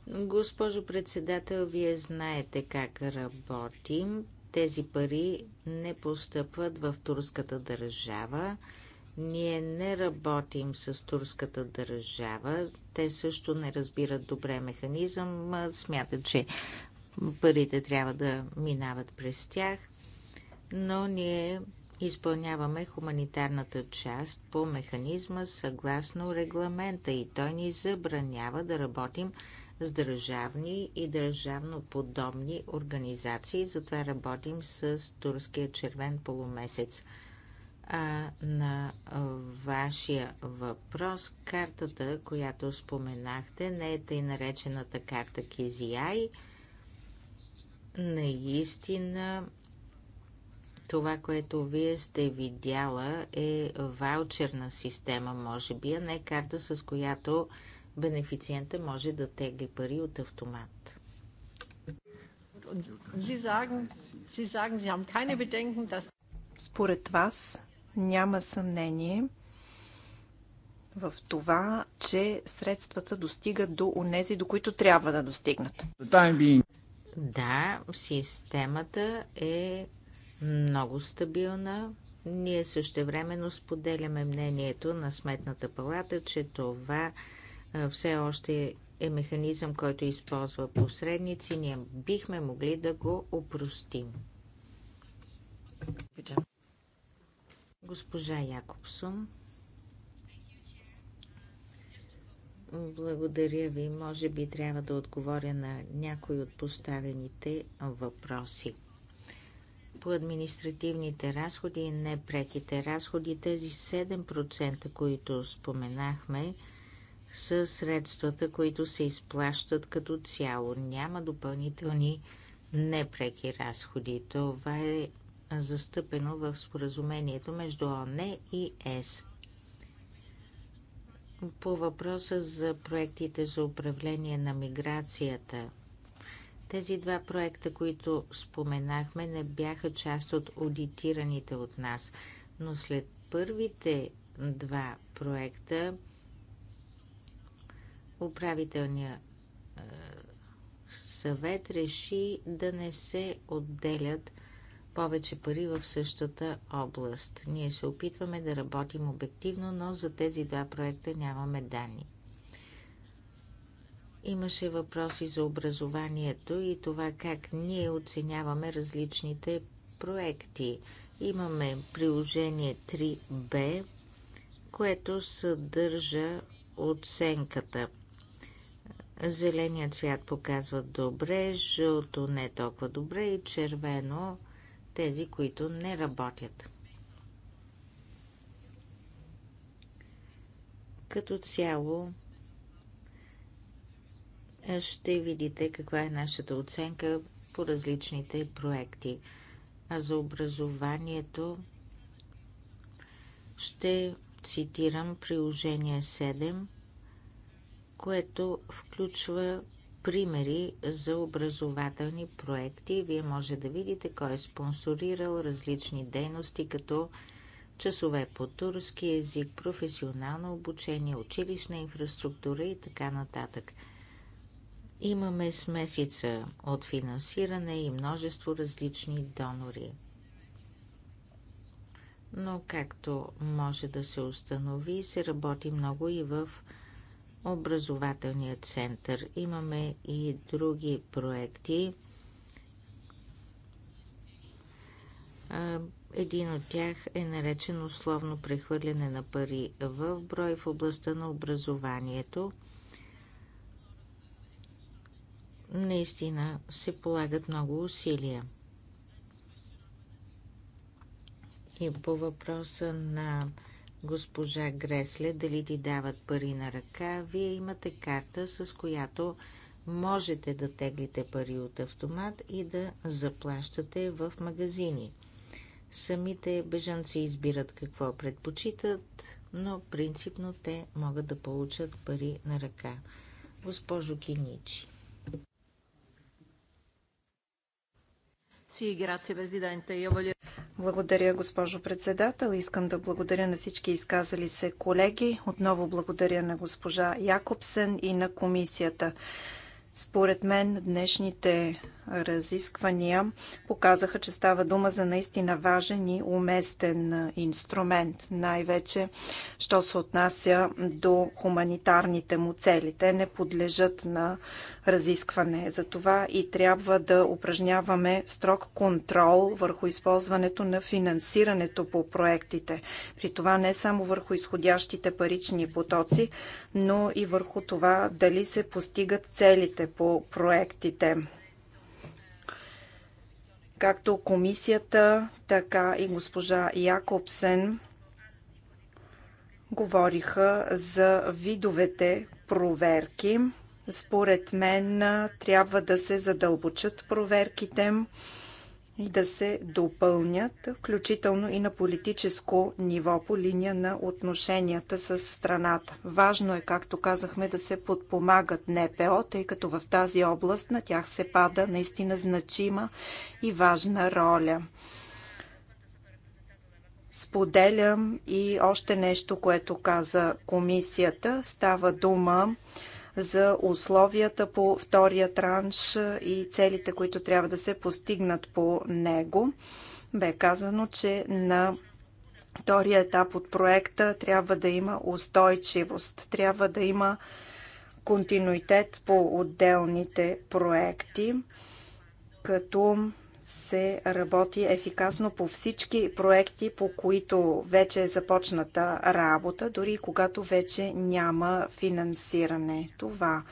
Госпожо председател, вие знаете как работим. Тези пари не постъпват в турската държава. Ние не работим с турската държава. Те също не разбират добре механизъм. Смятат, че парите трябва да минават през тях, но ние изпълняваме хуманитарната част по механизма съгласно регламента и той ни забранява да работим с държавни и държавно подобни организации, затова работим с Турския червен полумесец. А на вашия въпрос, картата, която споменахте, не е тъй наречената карта Кизияй, наистина това, което вие сте видяла е ваучерна система, може би, а не карта, с която бенефициента може да тегли пари от автомат. Според вас няма съмнение в това, че средствата достигат до онези, до които трябва да достигнат. Да, системата е много стабилна. Ние същевременно споделяме мнението на Сметната палата, че това все още е механизъм, който използва посредници. Ние бихме могли да го опростим. Госпожа Якобсон. Благодаря ви. Може би трябва да отговоря на някои от поставените въпроси. По административните разходи и непреките разходи, тези 7%, които споменахме, са средствата, които се изплащат като цяло. Няма допълнителни непреки разходи. Това е застъпено в споразумението между ОНЕ и ЕС по въпроса за проектите за управление на миграцията. Тези два проекта, които споменахме, не бяха част от аудитираните от нас, но след първите два проекта Управителният е, съвет реши да не се отделят повече пари в същата област. Ние се опитваме да работим обективно, но за тези два проекта нямаме данни. Имаше въпроси за образованието и това как ние оценяваме различните проекти. Имаме приложение 3B, което съдържа оценката. Зеленият цвят показва добре, жълто не толкова добре и червено – тези, които не работят. Като цяло ще видите каква е нашата оценка по различните проекти. А за образованието ще цитирам приложение 7, което включва примери за образователни проекти. Вие може да видите кой е спонсорирал различни дейности, като часове по турски език, професионално обучение, училищна инфраструктура и така нататък. Имаме смесица от финансиране и множество различни донори. Но както може да се установи, се работи много и в образователния център. Имаме и други проекти. Един от тях е наречен условно прехвърляне на пари в брой в областта на образованието. Наистина се полагат много усилия. И по въпроса на госпожа Гресле дали ти дават пари на ръка. Вие имате карта, с която можете да теглите пари от автомат и да заплащате в магазини. Самите бежанци избират какво предпочитат, но принципно те могат да получат пари на ръка. Госпожо Киничи. Благодаря, госпожо председател. Искам да благодаря на всички изказали се колеги. Отново благодаря на госпожа Якобсен и на комисията. Според мен днешните разисквания показаха, че става дума за наистина важен и уместен инструмент, най-вече, що се отнася до хуманитарните му цели. Те не подлежат на разискване. Затова и трябва да упражняваме строг контрол върху използването на финансирането по проектите. При това не само върху изходящите парични потоци, но и върху това дали се постигат целите по проектите. Както комисията, така и госпожа Якобсен говориха за видовете проверки. Според мен трябва да се задълбочат проверките, и да се допълнят, включително и на политическо ниво по линия на отношенията с страната. Важно е, както казахме, да се подпомагат НПО, тъй като в тази област на тях се пада наистина значима и важна роля. Споделям и още нещо, което каза комисията. Става дума за условията по втория транш и целите, които трябва да се постигнат по него. Бе казано, че на втория етап от проекта трябва да има устойчивост, трябва да има континуитет по отделните проекти, като се работи ефикасно по всички проекти, по които вече е започната работа, дори когато вече няма финансиране. Това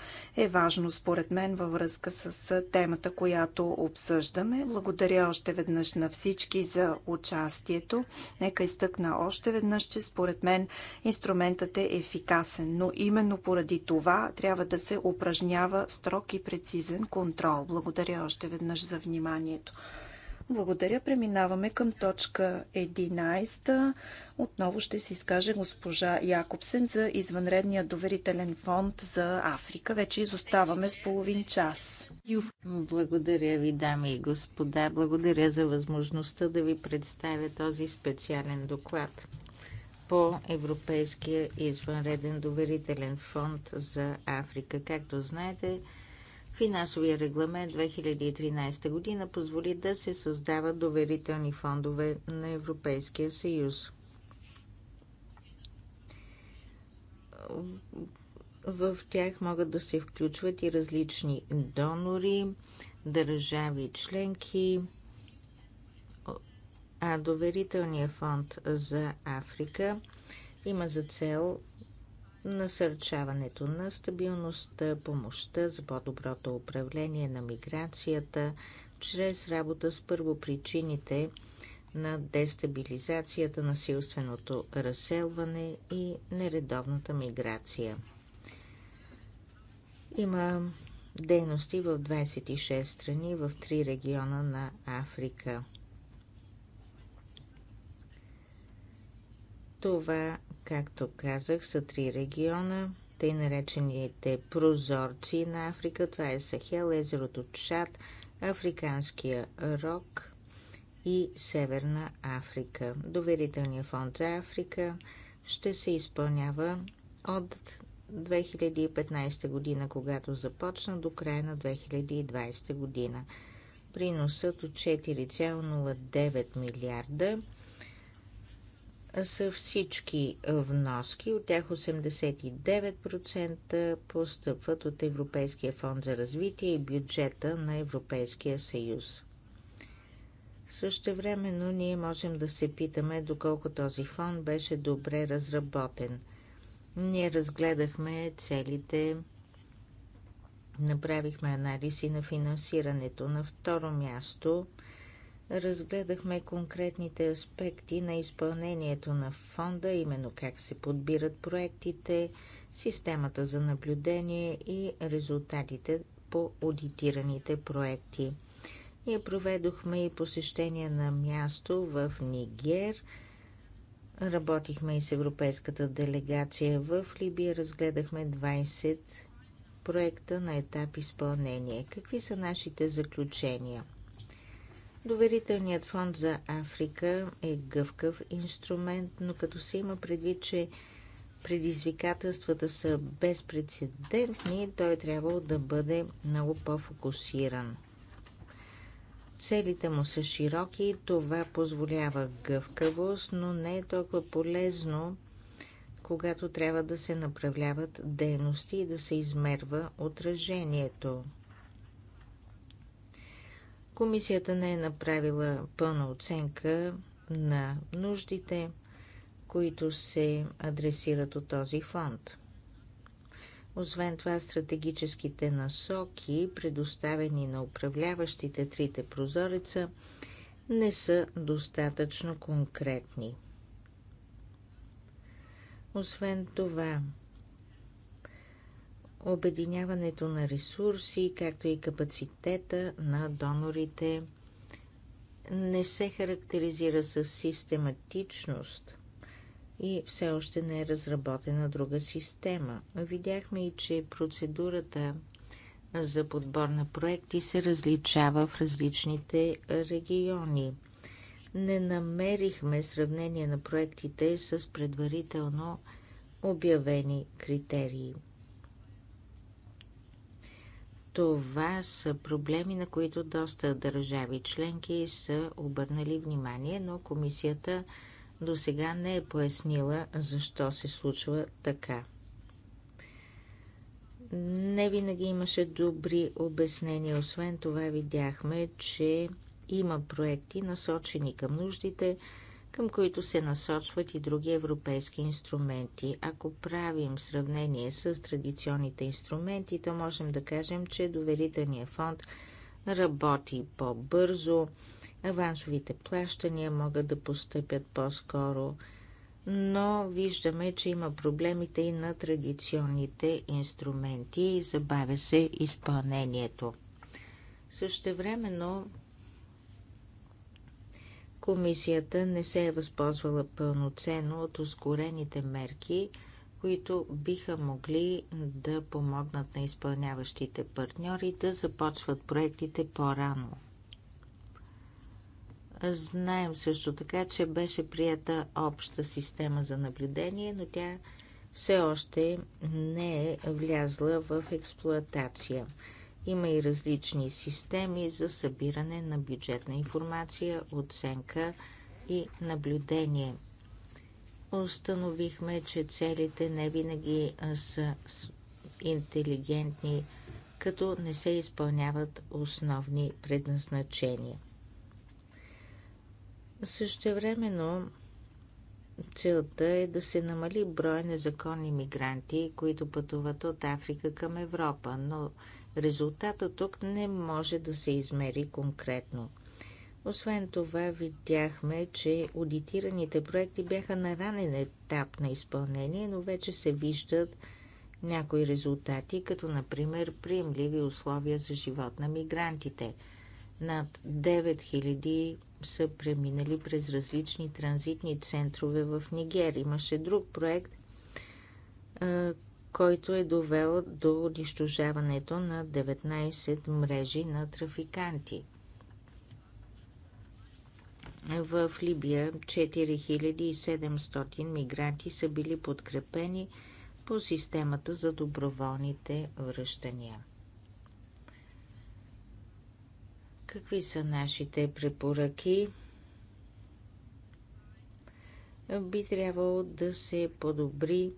е важно според мен във връзка с темата, която обсъждаме. Благодаря още веднъж на всички за участието. Нека изтъкна още веднъж, че според мен инструментът е ефикасен, но именно поради това трябва да се упражнява строг и прецизен контрол. Благодаря още веднъж за вниманието. Благодаря. Преминаваме към точка 11. Отново ще се изкаже госпожа Якобсен за извънредния доверителен фонд за Африка. Вече изоставаме с половин час. Благодаря ви, дами и господа. Благодаря за възможността да ви представя този специален доклад по Европейския извънреден доверителен фонд за Африка. Както знаете, Финансовия регламент 2013 година позволи да се създават доверителни фондове на Европейския съюз. В тях могат да се включват и различни донори, държави членки, а доверителният фонд за Африка има за цел насърчаването на стабилността, помощта за по-доброто управление на миграцията, чрез работа с първопричините на дестабилизацията, насилственото разселване и нередовната миграция. Има дейности в 26 страни в 3 региона на Африка – Това, както казах, са три региона, тъй наречените прозорци на Африка. Това е Сахел, езерото Чад, Африканския рок и Северна Африка. Доверителният фонд за Африка ще се изпълнява от 2015 година, когато започна, до края на 2020 година. Приносът от 4,09 милиарда – са всички вноски, от тях 89% постъпват от Европейския фонд за развитие и бюджета на Европейския съюз. Същевременно ние можем да се питаме доколко този фонд беше добре разработен. Ние разгледахме целите, направихме анализи на финансирането. На второ място – разгледахме конкретните аспекти на изпълнението на фонда, именно как се подбират проектите, системата за наблюдение и резултатите по аудитираните проекти. Ние проведохме и посещение на място в Нигер. Работихме и с европейската делегация в Либия. Разгледахме 20 проекта на етап изпълнение. Какви са нашите заключения – Доверителният фонд за Африка е гъвкав инструмент, но като се има предвид, че предизвикателствата са безпредседентни, той е трябвало да бъде много по-фокусиран. Целите му са широки това позволява гъвкавост, но не е толкова полезно, когато трябва да се направляват дейности и да се измерва отражението. Комисията не е направила пълна оценка на нуждите, които се адресират от този фонд. Освен това, стратегическите насоки, предоставени на управляващите трите прозореца, не са достатъчно конкретни. Освен това, обединяването на ресурси, както и капацитета на донорите не се характеризира с систематичност и все още не е разработена друга система. Видяхме и, че процедурата за подбор на проекти се различава в различните региони. Не намерихме сравнение на проектите с предварително обявени критерии. Това са проблеми, на които доста държави членки са обърнали внимание, но комисията до сега не е пояснила защо се случва така. Не винаги имаше добри обяснения. Освен това видяхме, че има проекти насочени към нуждите към които се насочват и други европейски инструменти. Ако правим сравнение с традиционните инструменти, то можем да кажем, че доверителният фонд работи по-бързо, авансовите плащания могат да постъпят по-скоро, но виждаме, че има проблемите и на традиционните инструменти и забавя се изпълнението. времено, Комисията не се е възползвала пълноценно от ускорените мерки, които биха могли да помогнат на изпълняващите партньори да започват проектите по-рано. Знаем също така, че беше прията обща система за наблюдение, но тя все още не е влязла в експлоатация. Има и различни системи за събиране на бюджетна информация, оценка и наблюдение. Установихме, че целите не винаги са интелигентни, като не се изпълняват основни предназначения. Същевременно целта е да се намали брой незаконни мигранти, които пътуват от Африка към Европа, но Резултатът тук не може да се измери конкретно. Освен това, видяхме, че аудитираните проекти бяха на ранен етап на изпълнение, но вече се виждат някои резултати, като например приемливи условия за живот на мигрантите. Над 9000 са преминали през различни транзитни центрове в Нигер. Имаше друг проект, който е довел до унищожаването на 19 мрежи на трафиканти. В Либия 4700 мигранти са били подкрепени по системата за доброволните връщания. Какви са нашите препоръки? Би трябвало да се подобри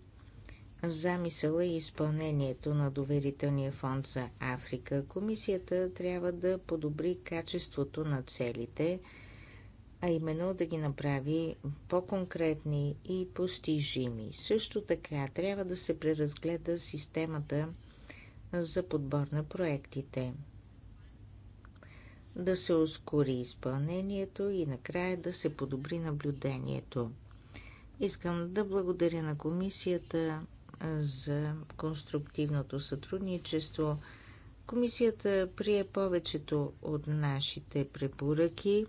замисъла и изпълнението на доверителния фонд за Африка. Комисията трябва да подобри качеството на целите, а именно да ги направи по-конкретни и постижими. Също така трябва да се преразгледа системата за подбор на проектите, да се ускори изпълнението и накрая да се подобри наблюдението. Искам да благодаря на комисията за конструктивното сътрудничество. Комисията прие повечето от нашите препоръки,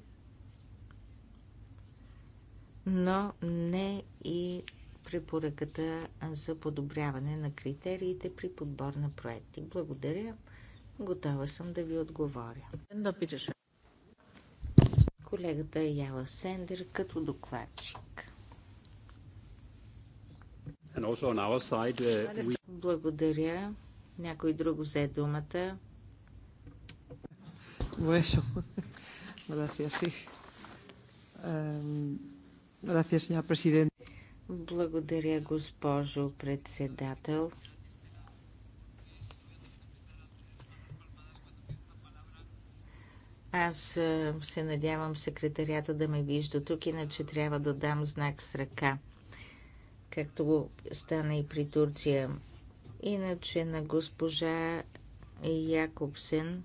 но не и препоръката за подобряване на критериите при подбор на проекти. Благодаря. Готова съм да ви отговоря. Колегата Яла Сендер като докладчик. Uh, Благодаря. Някой друг взе думата. Благодаря, госпожо председател. Аз е, се надявам секретарията да ме вижда тук, иначе трябва да дам знак с ръка както стана и при Турция. Иначе на госпожа Якобсен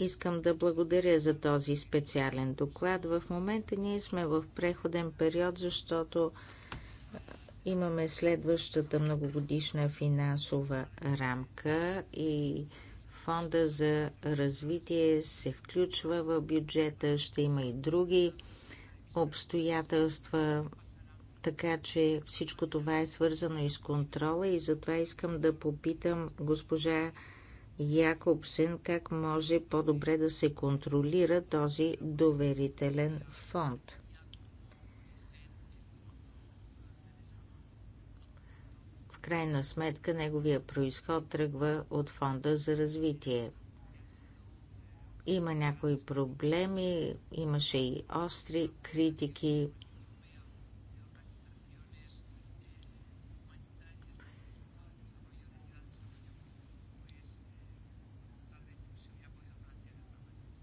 искам да благодаря за този специален доклад. В момента ние сме в преходен период, защото е, имаме следващата многогодишна финансова рамка и фонда за развитие се включва в бюджета, ще има и други обстоятелства, така че всичко това е свързано и с контрола и затова искам да попитам госпожа Якобсен как може по-добре да се контролира този доверителен фонд. В крайна сметка неговия происход тръгва от фонда за развитие. Има някои проблеми, имаше и остри критики.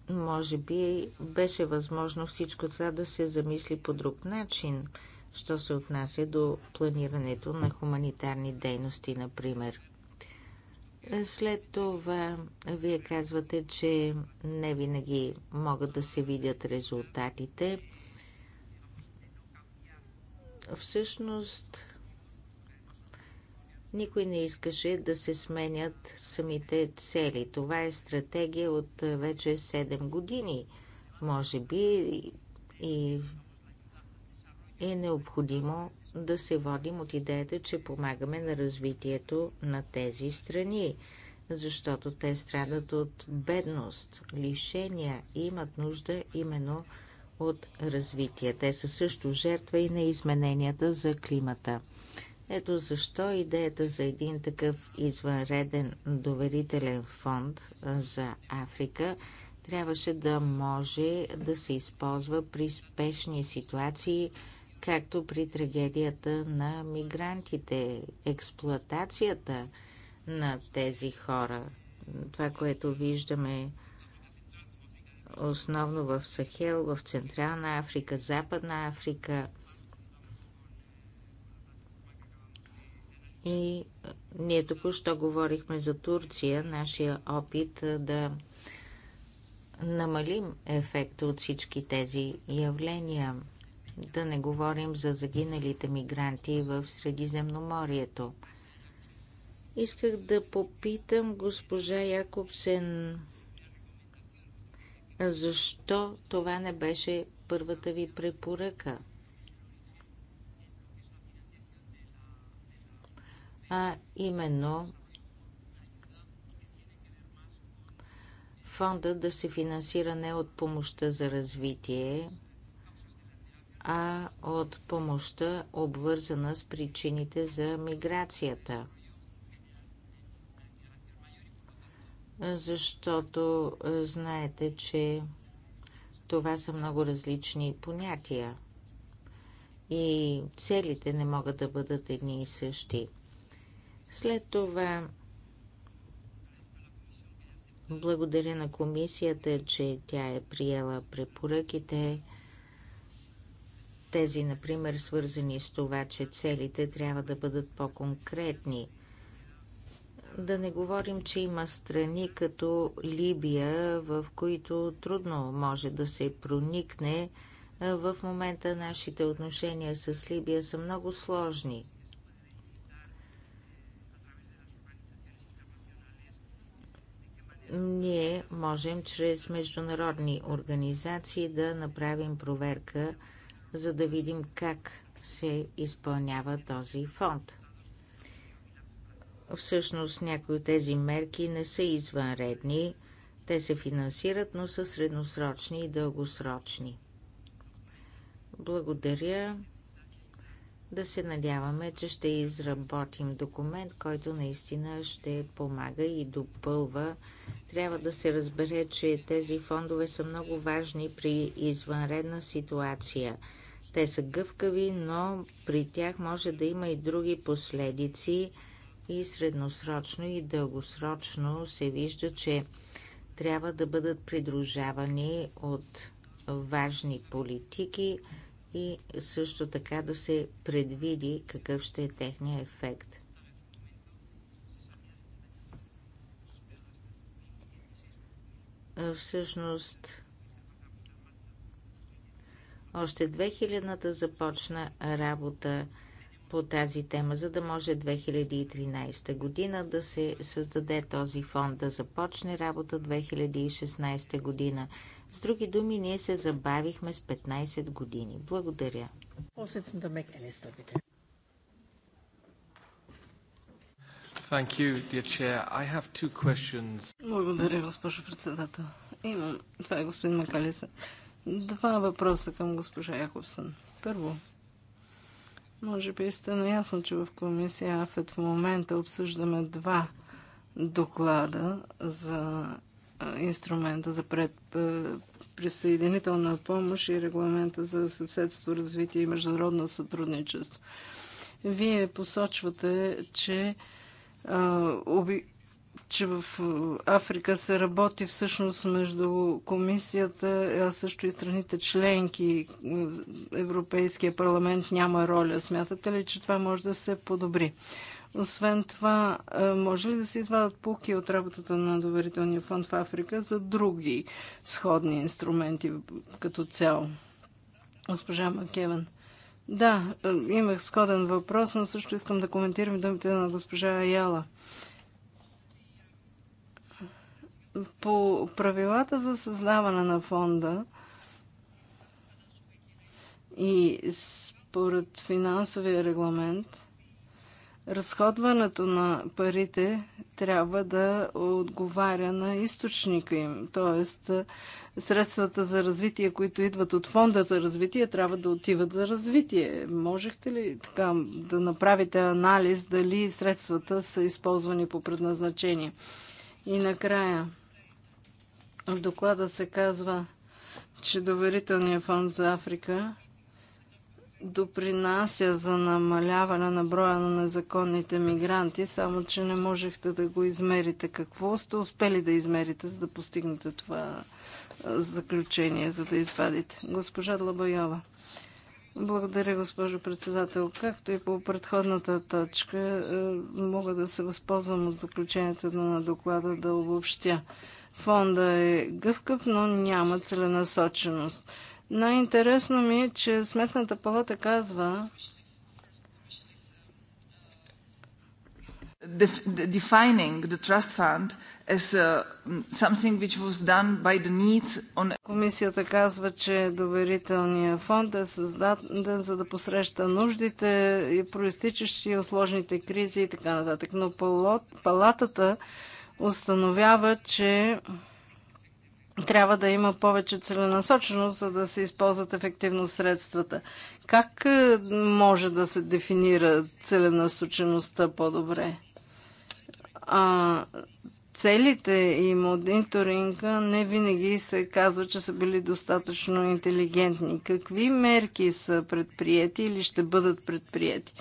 Може би беше възможно всичко това да се замисли по друг начин, що се отнася до планирането на хуманитарни дейности, например – след това вие казвате, че не винаги могат да се видят резултатите. Всъщност, никой не искаше да се сменят самите цели. Това е стратегия от вече 7 години. Може би и е необходимо да се водим от идеята, че помагаме на развитието на тези страни, защото те страдат от бедност, лишения и имат нужда именно от развитие. Те са също жертва и на измененията за климата. Ето защо идеята за един такъв извънреден доверителен фонд за Африка трябваше да може да се използва при спешни ситуации – както при трагедията на мигрантите, експлоатацията на тези хора. Това, което виждаме основно в Сахел, в Централна Африка, Западна Африка. И ние току-що говорихме за Турция, нашия опит да намалим ефекта от всички тези явления. Да не говорим за загиналите мигранти в Средиземноморието. Исках да попитам госпожа Якобсен, защо това не беше първата ви препоръка? А именно фонда да се финансира не от помощта за развитие, а от помощта, обвързана с причините за миграцията. Защото знаете, че това са много различни понятия и целите не могат да бъдат едни и същи. След това благодаря на комисията, че тя е приела препоръките тези, например, свързани с това, че целите трябва да бъдат по-конкретни. Да не говорим, че има страни като Либия, в които трудно може да се проникне. В момента нашите отношения с Либия са много сложни. ние можем чрез международни организации да направим проверка за да видим как се изпълнява този фонд. Всъщност някои от тези мерки не са извънредни. Те се финансират, но са средносрочни и дългосрочни. Благодаря. Да се надяваме, че ще изработим документ, който наистина ще помага и допълва. Трябва да се разбере, че тези фондове са много важни при извънредна ситуация – те са гъвкави, но при тях може да има и други последици и средносрочно и дългосрочно се вижда, че трябва да бъдат придружавани от важни политики и също така да се предвиди какъв ще е техния ефект. Всъщност, още 2000-та започна работа по тази тема, за да може 2013 година да се създаде този фонд, да започне работа 2016 година. С други думи, ние се забавихме с 15 години. Благодаря. You, Благодаря, госпожо председател. Имам. Това е господин Макалиса. Два въпроса към госпожа Яковсън. Първо, може би сте наясно, че в комисия АФЕТ в момента обсъждаме два доклада за инструмента за предприсъединителна помощ и регламента за съседство, развитие и международно сътрудничество. Вие посочвате, че че в е, Африка се работи всъщност между комисията, а също и страните членки. Европейския парламент няма роля. Смятате ли, че това може да се подобри? Освен това, е, може ли да се извадат пуки от работата на доверителния фонд в Африка за други сходни инструменти като цяло? Госпожа Макевен. Да, е, имах сходен въпрос, но също искам да коментирам думите на госпожа Аяла по правилата за създаване на фонда и според финансовия регламент, разходването на парите трябва да отговаря на източника им. Тоест, средствата за развитие, които идват от фонда за развитие, трябва да отиват за развитие. Можехте ли така да направите анализ дали средствата са използвани по предназначение? И накрая, в доклада се казва, че доверителният фонд за Африка допринася за намаляване на броя на незаконните мигранти, само че не можехте да го измерите. Какво сте успели да измерите, за да постигнете това заключение, за да извадите? Госпожа Длабайова. Благодаря, госпожо председател. Както и по предходната точка, е, мога да се възползвам от заключенията на доклада да обобщя. Фонда е гъвкав, но няма целенасоченост. Най-интересно ми е, че Сметната палата казва, defining the trust fund as uh, something which was done by the needs on Комисията казва, че доверителният фонд е създаден за да посреща нуждите и проистичащи от сложните кризи и така нататък. Но палатата установява, че трябва да има повече целенасоченост, за да се използват ефективно средствата. Как е, може да се дефинира целенасочеността по-добре? А, целите и мониторинга не винаги се казва, че са били достатъчно интелигентни. Какви мерки са предприяти или ще бъдат предприяти?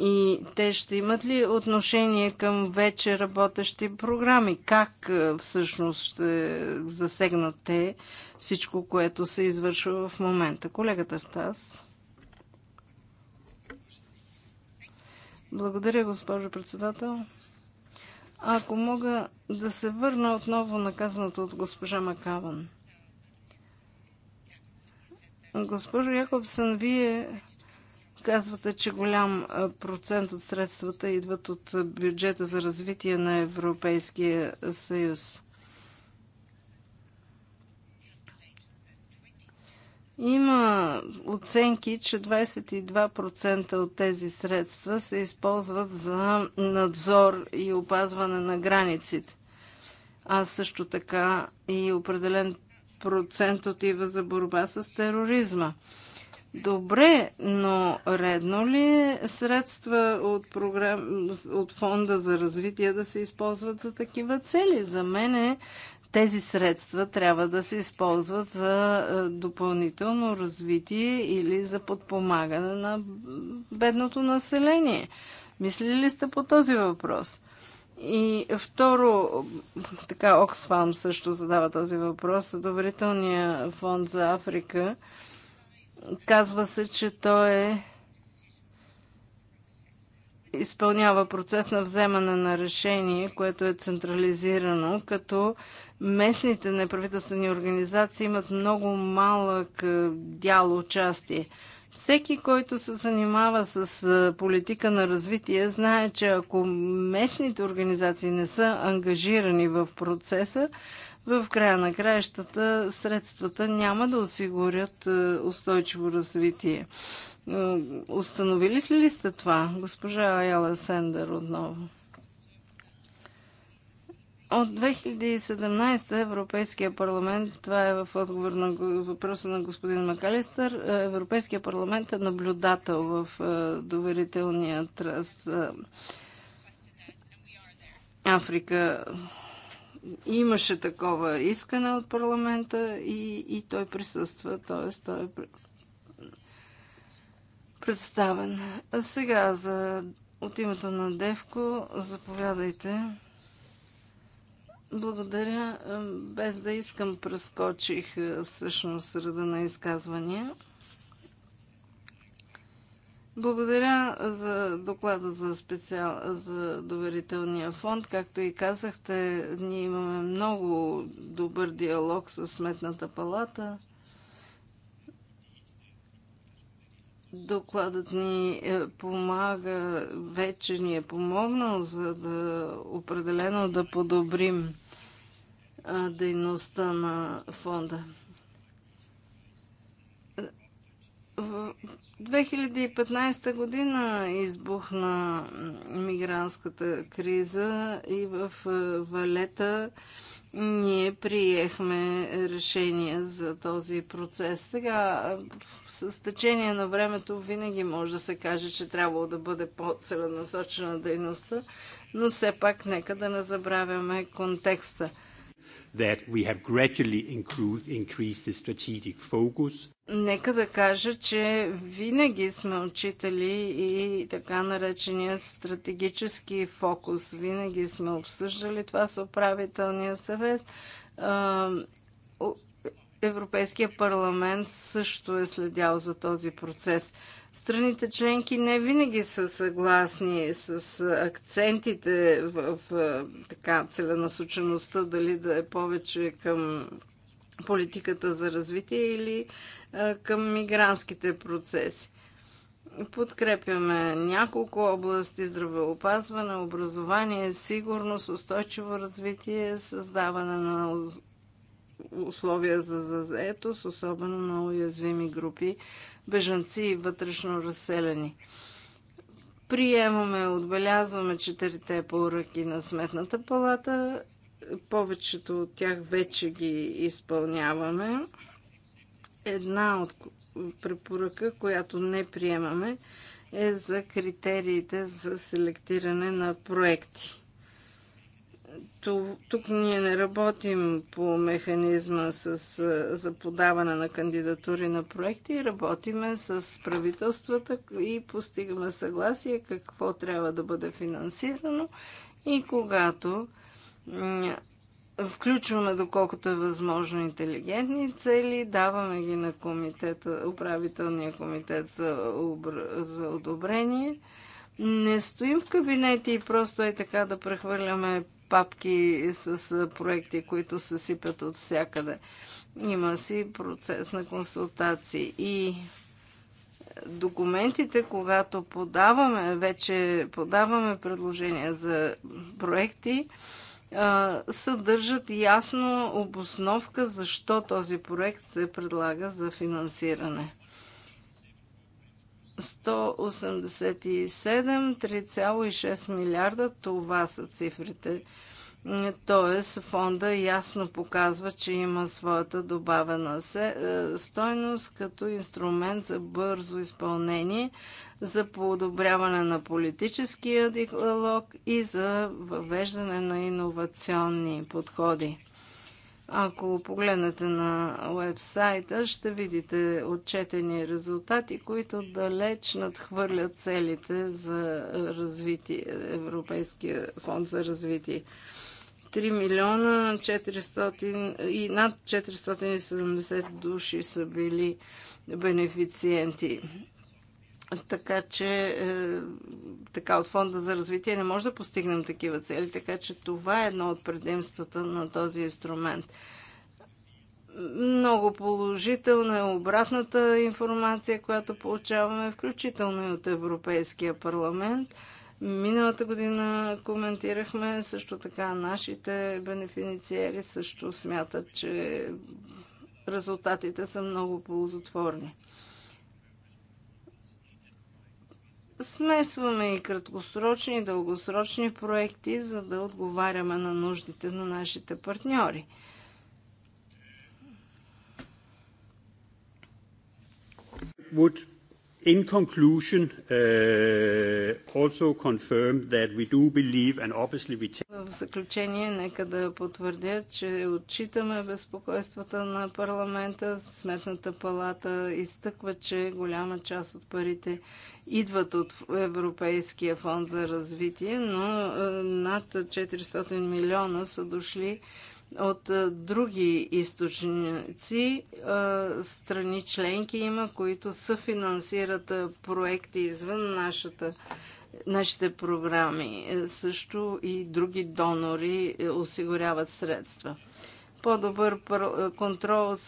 И те ще имат ли отношение към вече работещи програми? Как е, всъщност ще засегнат те всичко, което се извършва в момента? Колегата Стас. Благодаря, госпожо председател. Ако мога да се върна отново на казаното от госпожа Макаван. Госпожо Якобсън, вие Казвате, че голям процент от средствата идват от бюджета за развитие на Европейския съюз. Има оценки, че 22% от тези средства се използват за надзор и опазване на границите, а също така и определен процент отива за борба с тероризма. Добре, но редно ли е средства от, програм... от фонда за развитие да се използват за такива цели? За мен тези средства трябва да се използват за е, допълнително развитие или за подпомагане на бедното население. Мислили ли сте по този въпрос? И второ, така Оксфам също задава този въпрос, Доверителният фонд за Африка – Казва се, че той е изпълнява процес на вземане на решение, което е централизирано, като местните неправителствени организации имат много малък е, дял участие. Всеки, който се занимава с е, политика на развитие, знае, че ако местните организации не са ангажирани в процеса, в края на краищата средствата няма да осигурят е, устойчиво развитие. Е, установили ли, ли сте това, госпожа Аяла Сендер отново? От 2017 Европейския парламент, това е в отговор на въпроса на господин Макалистър, е, Европейския парламент е наблюдател в доверителния тръст Африка имаше такова искане от парламента и, и той присъства, т.е. той е представен. А сега за, от името на Девко, заповядайте. Благодаря. Без да искам, прескочих всъщност среда на изказвания. Благодаря за доклада за, специал, за доверителния фонд. Както и казахте, ние имаме много добър диалог с Сметната палата. Докладът ни е, помага, вече ни е помогнал, за да определено да подобрим дейността на фонда е, 2015 година избухна мигрантската криза и в е, Валета ние приехме решение за този процес. Сега, е, с течение на времето, винаги може да се каже, че трябва да бъде по-целенасочена дейността, но все пак нека да не забравяме контекста – that we have gradually increased the strategic focus. Нека да кажа, че винаги сме отчитали и така наречения стратегически фокус. Винаги сме обсъждали това с управителния съвет. Европейския парламент също е следял за този процес. Страните членки не винаги са съгласни с акцентите в, в така, целенасочеността, дали да е повече към политиката за развитие или а, към мигрантските процеси. Подкрепяме няколко области здравеопазване, образование, сигурност, устойчиво развитие, създаване на условия за заетост, особено на уязвими групи, бежанци и вътрешно разселени. Приемаме, отбелязваме четирите поръки на Сметната палата. Повечето от тях вече ги изпълняваме. Една от препоръка, която не приемаме, е за критериите за селектиране на проекти. Тук ние не работим по механизма с, за подаване на кандидатури на проекти, работиме с правителствата и постигаме съгласие какво трябва да бъде финансирано и когато включваме доколкото е възможно интелигентни цели, даваме ги на комитета, управителния комитет за, за одобрение. Не стоим в кабинети и просто е така да прехвърляме папки с проекти, които се сипят от всякъде. Има си процес на консултации и документите, когато подаваме, вече подаваме предложения за проекти, съдържат ясно обосновка защо този проект се предлага за финансиране. 187, 3,6 милиарда, това са цифрите. Тоест фонда ясно показва, че има своята добавена е, стойност като инструмент за бързо изпълнение, за подобряване на политическия диалог и за въвеждане на иновационни подходи. Ако погледнете на вебсайта, ще видите отчетени резултати, които далеч надхвърлят целите за развитие, Европейския фонд за развитие. 3 милиона 400 и над 470 души са били бенефициенти. Така че е, така от фонда за развитие не може да постигнем такива цели, така че това е едно от предимствата на този инструмент. Много положителна е обратната информация, която получаваме, включително и от Европейския парламент. Миналата година коментирахме също така нашите бенефициери също смятат, че резултатите са много ползотворни. смесваме и краткосрочни и дългосрочни проекти, за да отговаряме на нуждите на нашите партньори. Would In conclusion, uh, also confirm that we do believe and obviously we take. В заключение, нека да потвърдя, че отчитаме безпокойствата на парламента. Сметната палата изтъква, че голяма част от парите идват от Европейския фонд за развитие, но е, над 400 милиона са дошли от други източници. Страни членки има, които съфинансират проекти извън нашата, нашите програми. Е, също и други донори е, осигуряват средства. По-добър контрол от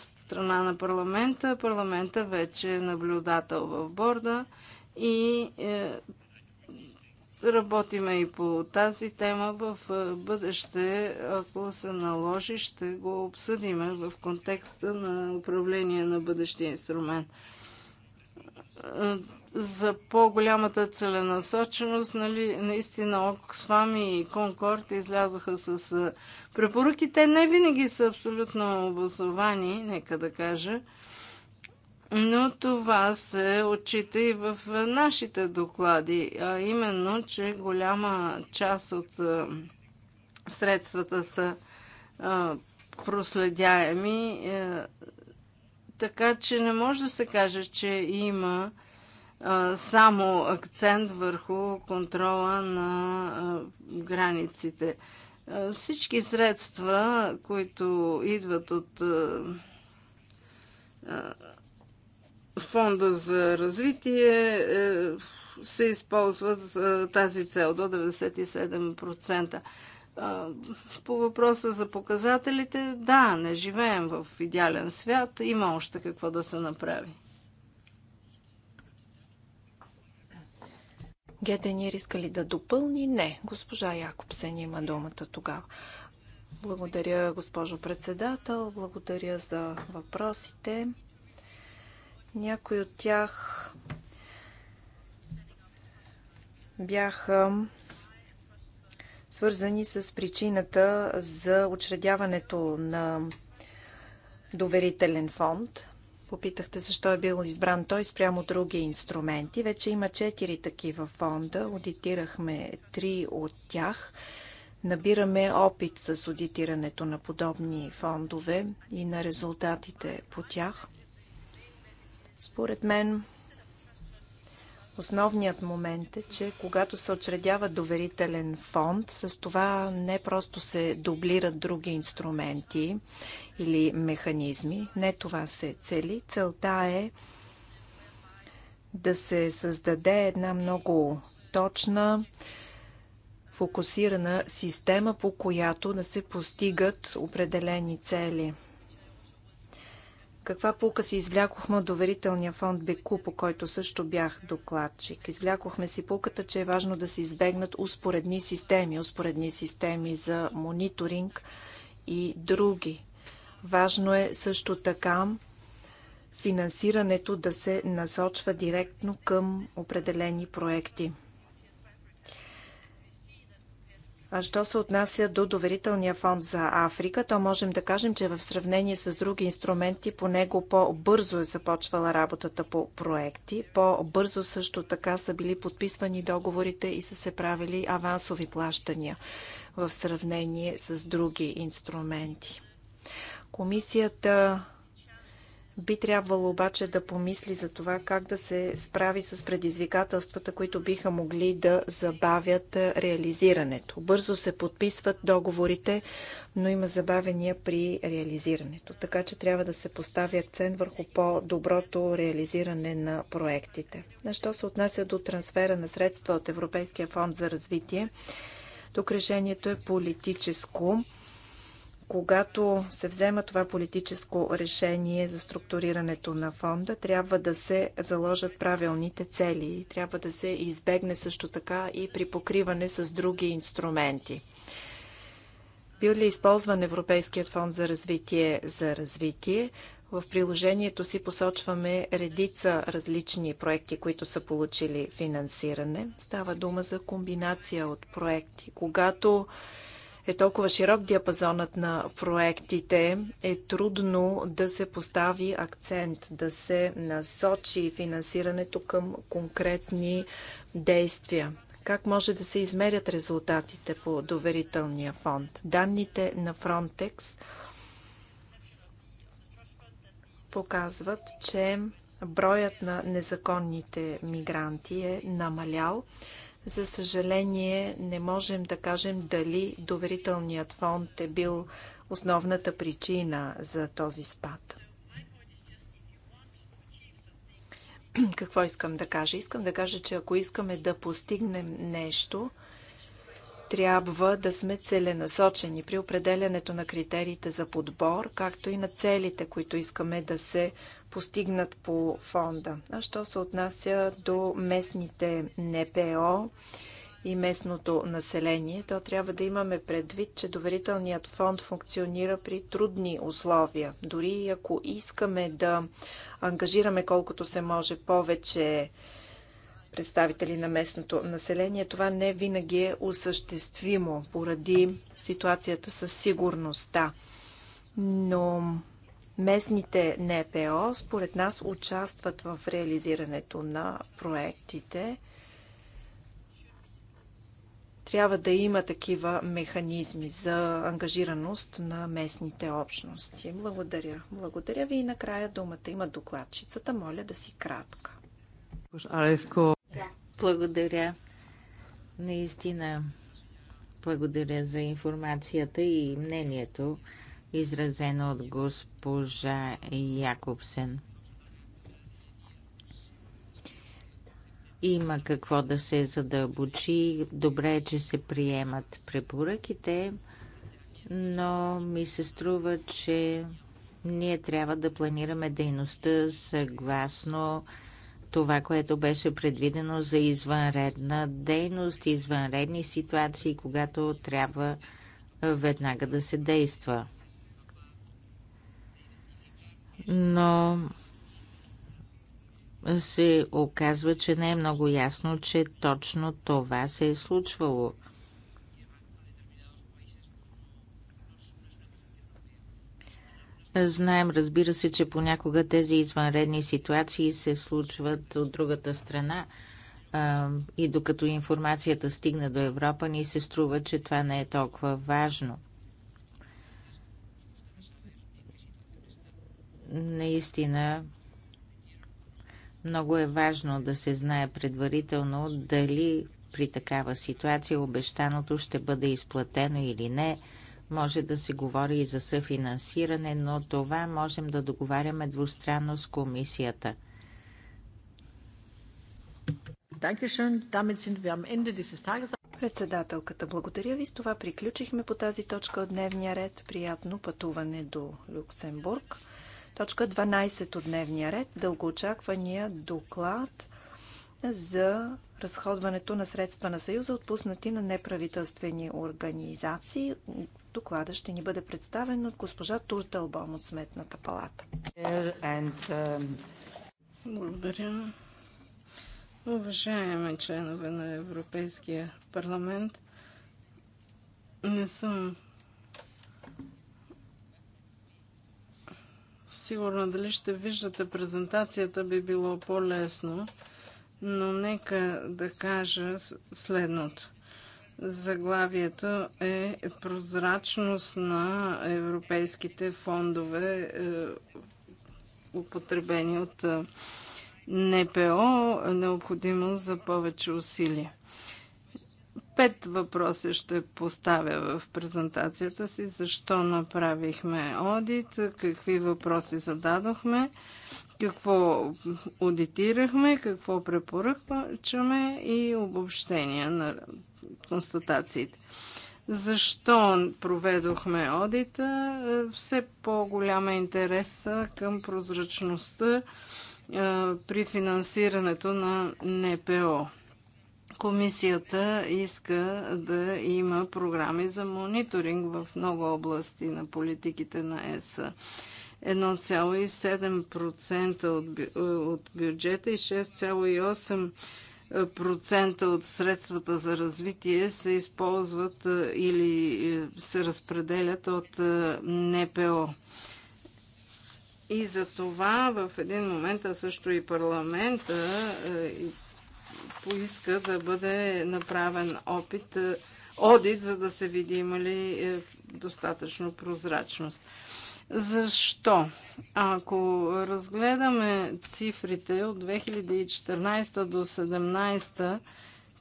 страна на парламента. Парламента вече е наблюдател в борда и е, работиме и по тази тема в бъдеще. Ако се наложи, ще го обсъдиме в контекста на управление на бъдещия инструмент. За по-голямата целенасоченост, нали, наистина Оксфам и Конкорд излязоха с препоръките, Те не винаги са абсолютно обосновани, нека да кажа. Но това се отчита и в нашите доклади, а именно, че голяма част от средствата са проследяеми, така че не може да се каже, че има само акцент върху контрола на границите. Всички средства, които идват от фонда за развитие е, се използват за тази цел до 97%. По въпроса за показателите, да, не живеем в идеален свят, има още какво да се направи. Геденир иска ли да допълни? Не. Госпожа Якобсен има думата тогава. Благодаря, госпожо председател. Благодаря за въпросите. Някои от тях бяха свързани с причината за учредяването на доверителен фонд. Попитахте защо е бил избран той спрямо други инструменти. Вече има четири такива фонда. Аудитирахме три от тях. Набираме опит с аудитирането на подобни фондове и на резултатите по тях – според мен основният момент е, че когато се очредява доверителен фонд, с това не просто се дублират други инструменти или механизми. Не това се цели. Целта е да се създаде една много точна, фокусирана система, по която да се постигат определени цели – каква полка си извлякохме от доверителния фонд Беку, по който също бях докладчик? Извлякохме си полката, че е важно да се избегнат успоредни системи, успоредни системи за мониторинг и други. Важно е също така финансирането да се насочва директно към определени проекти. А що се отнася до доверителния фонд за Африка, то можем да кажем, че в сравнение с други инструменти по него по-бързо е започвала работата по проекти. По-бързо също така са били подписвани договорите и са се правили авансови плащания в сравнение с други инструменти. Комисията би трябвало обаче да помисли за това как да се справи с предизвикателствата, които биха могли да забавят реализирането. Бързо се подписват договорите, но има забавения при реализирането. Така че трябва да се постави акцент върху по-доброто реализиране на проектите. На що се отнася до трансфера на средства от Европейския фонд за развитие, тук решението е политическо когато се взема това политическо решение за структурирането на фонда, трябва да се заложат правилните цели. Трябва да се избегне също така и при покриване с други инструменти. Бил ли използван Европейският фонд за развитие за развитие? В приложението си посочваме редица различни проекти, които са получили финансиране. Става дума за комбинация от проекти. Когато е толкова широк диапазонът на проектите, е трудно да се постави акцент, да се насочи финансирането към конкретни действия. Как може да се измерят резултатите по доверителния фонд? Данните на Frontex показват, че броят на незаконните мигранти е намалял за съжаление, не можем да кажем дали доверителният фонд е бил основната причина за този спад. Какво искам да кажа? Искам да кажа, че ако искаме да постигнем нещо, трябва да сме целенасочени при определянето на критериите за подбор, както и на целите, които искаме да се постигнат по фонда. А що се отнася до местните НПО и местното население, то трябва да имаме предвид, че доверителният фонд функционира при трудни условия. Дори ако искаме да ангажираме колкото се може повече представители на местното население, това не винаги е осъществимо поради ситуацията със сигурността. Но Местните НПО според нас участват в реализирането на проектите. Трябва да има такива механизми за ангажираност на местните общности. Благодаря. Благодаря ви и накрая думата има докладчицата. Моля да си кратка. Благодаря. Наистина, благодаря за информацията и мнението изразена от госпожа Якобсен. Има какво да се задълбочи. Добре е, че се приемат препоръките, но ми се струва, че ние трябва да планираме дейността съгласно това, което беше предвидено за извънредна дейност, извънредни ситуации, когато трябва веднага да се действа но се оказва, че не е много ясно, че точно това се е случвало. Знаем, разбира се, че понякога тези извънредни ситуации се случват от другата страна и докато информацията стигне до Европа, ни се струва, че това не е толкова важно. Наистина много е важно да се знае предварително дали при такава ситуация обещаното ще бъде изплатено или не. Може да се говори и за съфинансиране, но това можем да договаряме двустранно с комисията. Председателката, благодаря ви. С това приключихме по тази точка от дневния ред. Приятно пътуване до Люксембург. Точка 12 от дневния ред – дългоочаквания доклад за разходването на средства на Съюза, отпуснати на неправителствени организации. Доклада ще ни бъде представен от госпожа Туртълбом от Сметната палата. Um, Благодаря. Уважаеми членове на Европейския парламент, не съм Сигурно, дали ще виждате презентацията, би било по-лесно, но нека да кажа следното. Заглавието е прозрачност на европейските фондове, е, употребени от е, НПО, необходимо за повече усилия. Пет въпроса ще поставя в презентацията си. Защо направихме одит, какви въпроси зададохме, какво аудитирахме, какво препоръчваме и обобщения на констатациите. Защо проведохме одита? Все по-голяма е интерес към прозрачността при финансирането на НПО. Комисията иска да има програми за мониторинг в много области на политиките на ЕС. 1,7% от, бю, от бюджета и 6,8% от средствата за развитие се използват е, или е, се разпределят от е, НПО. И за това в един момент, а също и парламента и поиска да бъде направен опит, е, одит, за да се види има ли е, достатъчно прозрачност. Защо? Ако разгледаме цифрите от 2014 до 2017,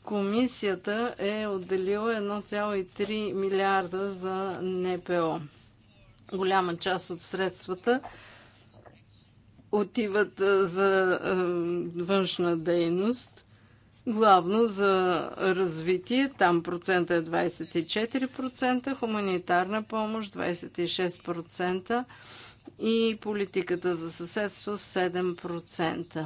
комисията е отделила 1,3 милиарда за НПО. Голяма част от средствата отиват е, за външна дейност Главно за развитие, там процента е 24%, хуманитарна помощ 26% и политиката за съседство 7%.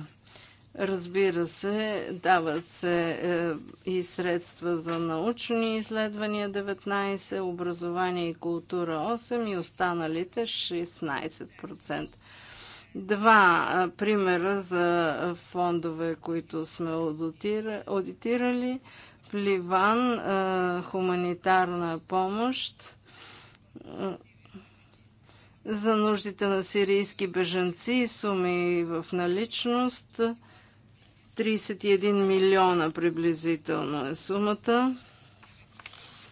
Разбира се, дават се е, и средства за научни изследвания 19, образование и култура 8 и останалите 16%. Два примера за фондове, които сме аудитирали. Ливан, хуманитарна помощ за нуждите на сирийски бежанци, суми в наличност. 31 милиона приблизително е сумата,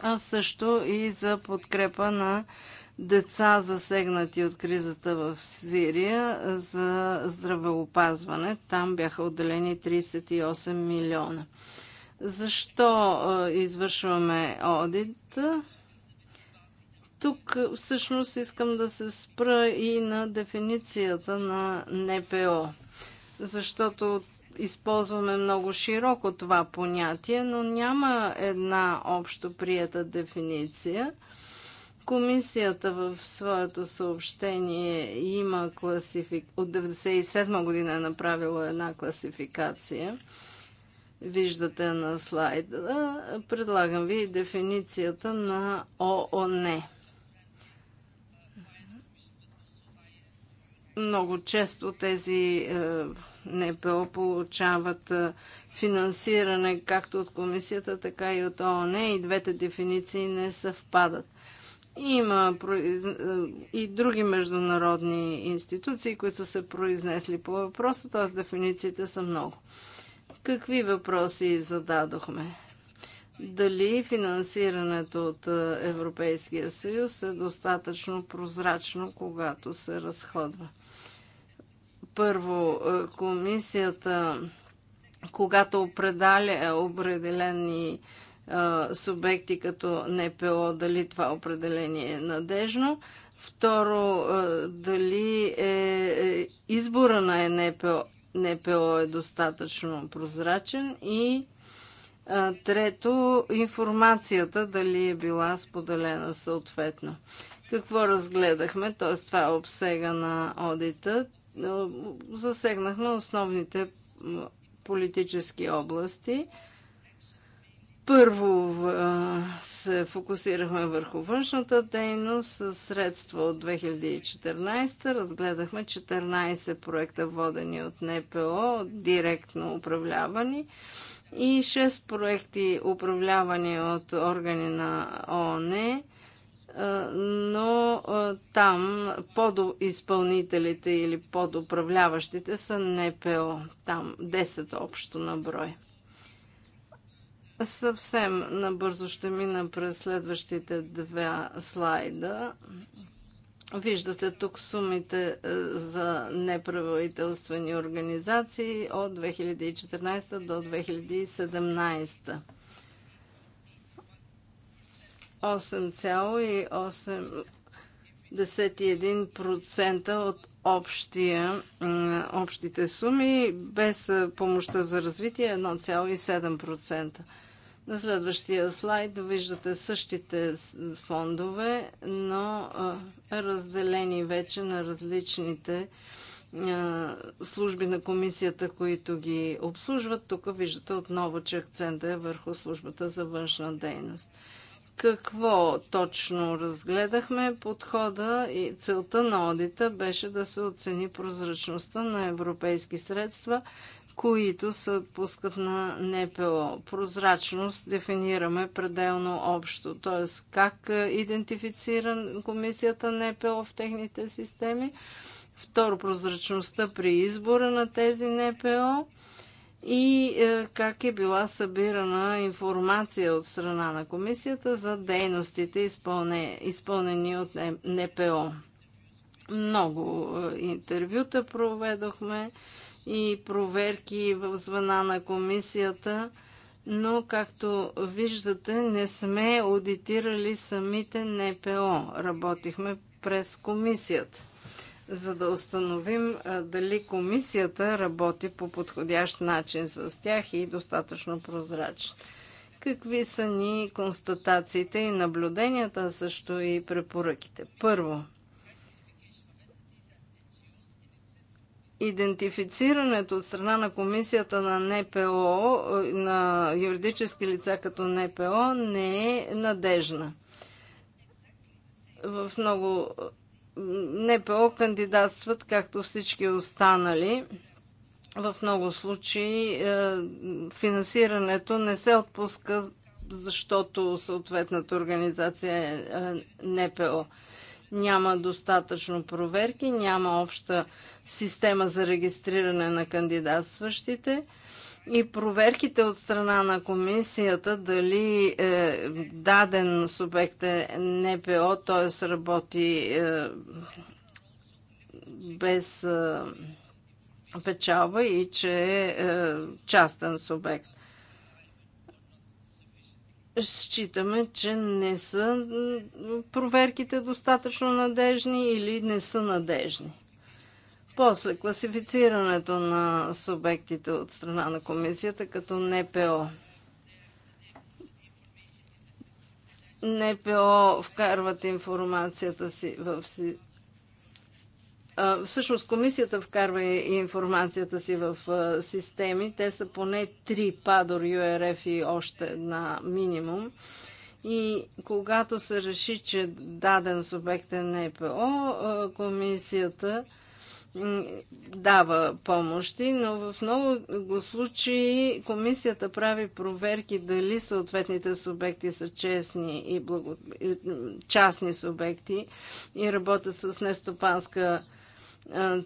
а също и за подкрепа на деца засегнати от кризата в Сирия за здравеопазване. Там бяха отделени 38 милиона. Защо извършваме одит? Тук всъщност искам да се спра и на дефиницията на НПО, защото използваме много широко това понятие, но няма една общо прията дефиниция – Комисията в своето съобщение има класифик... от 1997 година е направила една класификация. Виждате на слайда. Предлагам ви дефиницията на ООН. Много често тези е, НПО получават е, финансиране както от комисията, така и от ООН и двете дефиниции не съвпадат. Има е, и други международни институции, които са се произнесли по въпроса, т.е. дефинициите са много. Какви въпроси зададохме? Дали финансирането от е, Европейския съюз е достатъчно прозрачно, когато се разходва? Първо, е, комисията, когато определя определени субекти като НПО, дали това определение е надежно. Второ, дали е, е, избора на НПО, НПО е достатъчно прозрачен и трето, информацията дали е била споделена съответно. Какво разгледахме? Т.е. това е обсега на одита. Засегнахме основните политически области – първо се фокусирахме върху външната дейност. С средства от 2014 разгледахме 14 проекта, водени от НПО, директно управлявани и 6 проекти, управлявани от органи на ООН, е, но там подизпълнителите или подуправляващите са НПО. Там 10 общо на брой. Съвсем набързо ще мина през следващите два слайда. Виждате тук сумите е, за неправителствени организации от 2014 до 2017. 8,81% от общия, общите суми, без е, помощта за развитие 1,7%. На следващия слайд виждате същите фондове, но разделени вече на различните служби на комисията, които ги обслужват. Тук виждате отново, че акцента е върху службата за външна дейност. Какво точно разгледахме? Подхода и целта на одита беше да се оцени прозрачността на европейски средства които се отпускат на НПО. Прозрачност дефинираме пределно общо, т.е. как е, идентифицира комисията НПО в техните системи. Второ, прозрачността при избора на тези НПО и е, как е била събирана информация от страна на комисията за дейностите, изпълнени от НПО. Много е, интервюта проведохме и проверки в звена на комисията, но както виждате не сме аудитирали самите НПО. Работихме през комисията, за да установим дали комисията работи по подходящ начин с тях и достатъчно прозрачно какви са ни констатациите и наблюденията, също и препоръките. Първо, идентифицирането от страна на комисията на НПО, на юридически лица като НПО, не е надежна. В много НПО кандидатстват, както всички останали. В много случаи е, финансирането не се отпуска, защото съответната организация е, е НПО няма достатъчно проверки, няма обща система за регистриране на кандидатстващите и проверките от страна на комисията дали е, даден субект е НПО, т.е. работи е, без е, печалба и че е, е частен субект считаме, че не са проверките достатъчно надежни или не са надежни. После класифицирането на субектите от страна на комисията като НПО. НПО вкарват информацията си в Всъщност комисията вкарва информацията си в системи. Те са поне три Падор, URF и още на минимум. И когато се реши, че даден субект е НПО, комисията дава помощи, но в много случаи комисията прави проверки дали съответните субекти са честни и благо... частни субекти и работят с нестопанска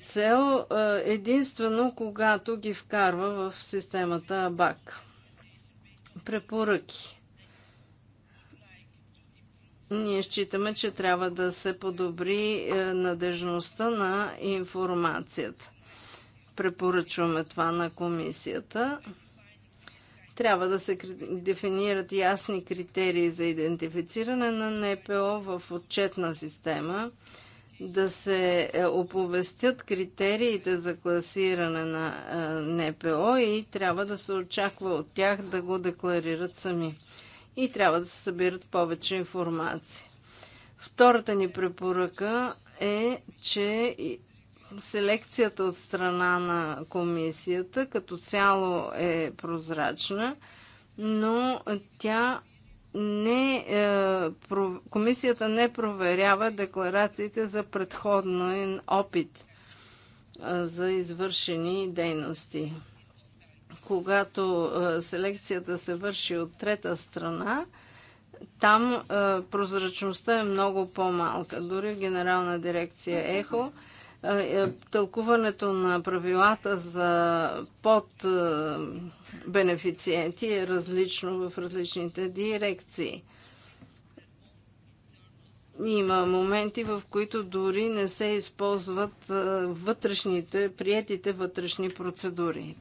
цел единствено когато ги вкарва в системата АБАК. Препоръки. Ние считаме, че трябва да се подобри е, надежността на информацията. Препоръчваме това на комисията. Трябва да се дефинират ясни критерии за идентифициране на НПО в отчетна система – да се е, оповестят критериите за класиране на е, НПО и трябва да се очаква от тях да го декларират сами. И трябва да се събират повече информация. Втората ни препоръка е, че селекцията от страна на комисията като цяло е прозрачна, но тя не, е, комисията не проверява декларациите за предходен опит е, за извършени дейности. Когато е, селекцията се върши от трета страна, там прозрачността е много по-малка. Дори в Генерална дирекция ЕХО е, тълкуването на правилата за под бенефициенти е различно в различните дирекции. Има моменти, в които дори не се използват вътрешните, приятите вътрешни процедури.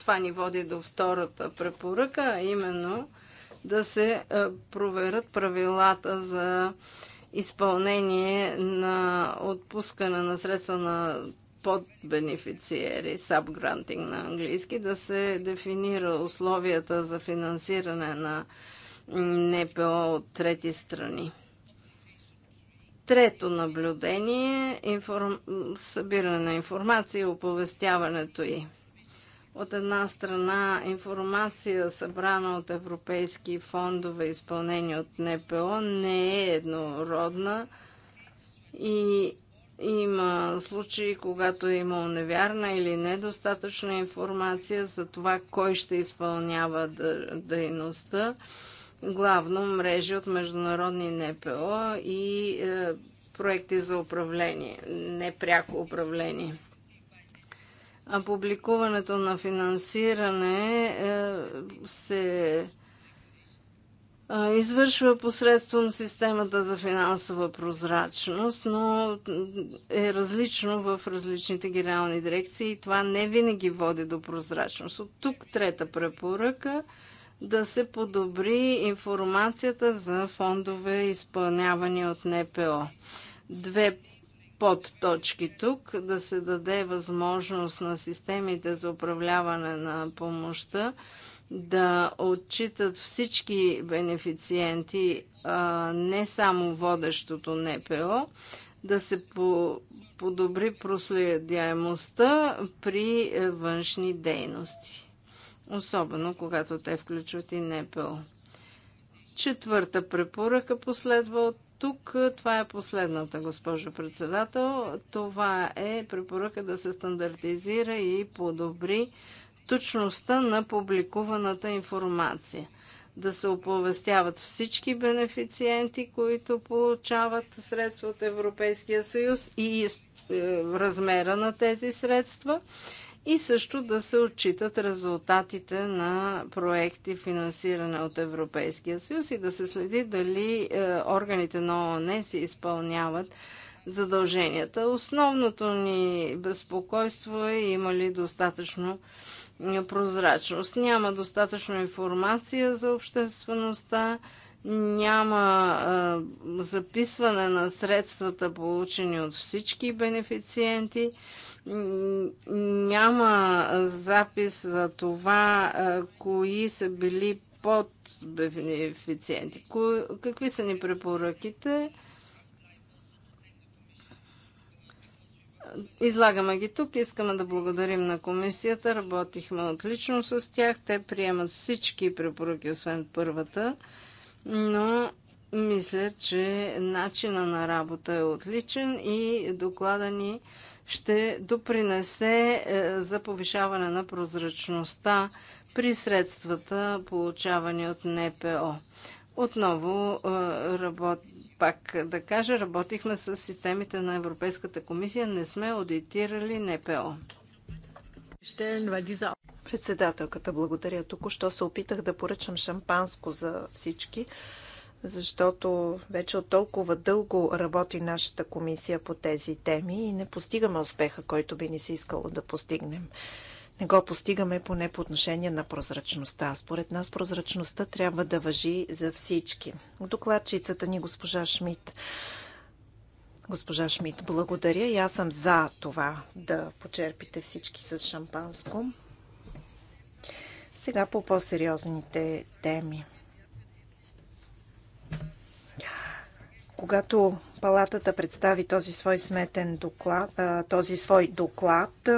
Това ни води до втората препоръка, а именно да се проверят правилата за изпълнение на отпускане на средства на подбенефициери, сабгрантинг на английски, да се дефинира условията за финансиране на НПО от трети страни. Трето наблюдение информ... събиране на информация и оповестяването й. От една страна информация, събрана от европейски фондове, изпълнени от НПО, не е еднородна и има случаи, когато е имал невярна или недостатъчна информация за това кой ще изпълнява дейността, главно мрежи от международни НПО и е, проекти за управление, непряко управление публикуването на финансиране е, се извършва посредством системата за финансова прозрачност, но е различно в различните генерални дирекции и това не винаги води до прозрачност. От тук трета препоръка да се подобри информацията за фондове, изпълнявани от НПО. Две под точки тук, да се даде възможност на системите за управляване на помощта да отчитат всички бенефициенти, не само водещото НПО, да се подобри проследяемостта при е, външни дейности, особено когато те включват и НПО. Четвърта препоръка последва от тук това е последната, госпожо председател. Това е препоръка да се стандартизира и подобри точността на публикуваната информация. Да се оповестяват всички бенефициенти, които получават средства от Европейския съюз и е, размера на тези средства – и също да се отчитат резултатите на проекти финансиране от Европейския съюз и да се следи дали е, органите на ООН си изпълняват задълженията. Основното ни безпокойство е има ли достатъчно е, прозрачност. Няма достатъчно информация за обществеността, няма е, записване на средствата, получени от всички бенефициенти няма запис за това, кои са били под бенефициенти. Какви са ни препоръките? Излагаме ги тук. Искаме да благодарим на комисията. Работихме отлично с тях. Те приемат всички препоръки, освен първата. Но мисля, че начина на работа е отличен и доклада ни ще допринесе е, за повишаване на прозрачността при средствата, получавани от НПО. Отново, е, работ... пак да кажа, работихме с системите на Европейската комисия, не сме аудитирали НПО. Председателката, благодаря. Току-що се опитах да поръчам шампанско за всички, защото вече от толкова дълго работи нашата комисия по тези теми и не постигаме успеха, който би ни се искало да постигнем. Не го постигаме поне по отношение на прозрачността. Според нас прозрачността трябва да въжи за всички. Докладчицата ни госпожа Шмидт Госпожа Шмидт, благодаря и аз съм за това да почерпите всички с шампанско. Сега по по-сериозните теми. Когато палатата представи този свой сметен доклад, този свой доклад,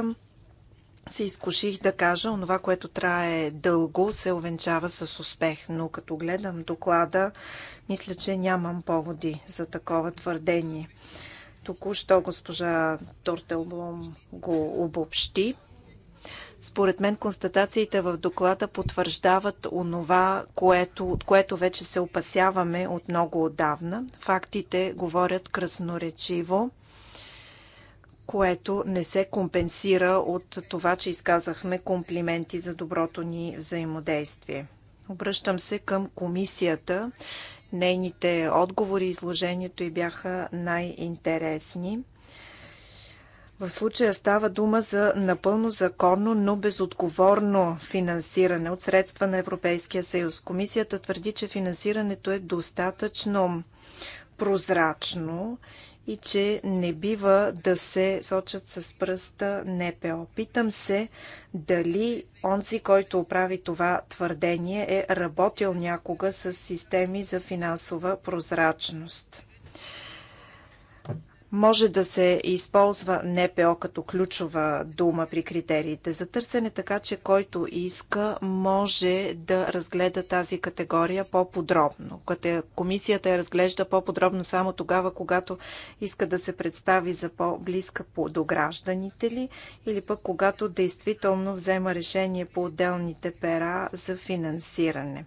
се изкуших да кажа, онова, което трае дълго, се овенчава с успех, но като гледам доклада, мисля, че нямам поводи за такова твърдение. Току-що госпожа Тортелблом го обобщи. Според мен констатациите в доклада потвърждават онова, което, от което вече се опасяваме от много отдавна. Фактите говорят красноречиво което не се компенсира от това, че изказахме комплименти за доброто ни взаимодействие. Обръщам се към комисията. Нейните отговори и изложението й бяха най-интересни. В случая става дума за напълно законно, но безотговорно финансиране от средства на Европейския съюз. Комисията твърди, че финансирането е достатъчно прозрачно и че не бива да се сочат с пръста НПО. Питам се дали онзи, който оправи това твърдение, е работил някога с системи за финансова прозрачност. Може да се използва НПО като ключова дума при критериите за търсене, така че който иска може да разгледа тази категория по-подробно. Комисията я разглежда по-подробно само тогава, когато иска да се представи за по-близка до гражданите ли или пък когато действително взема решение по отделните пера за финансиране.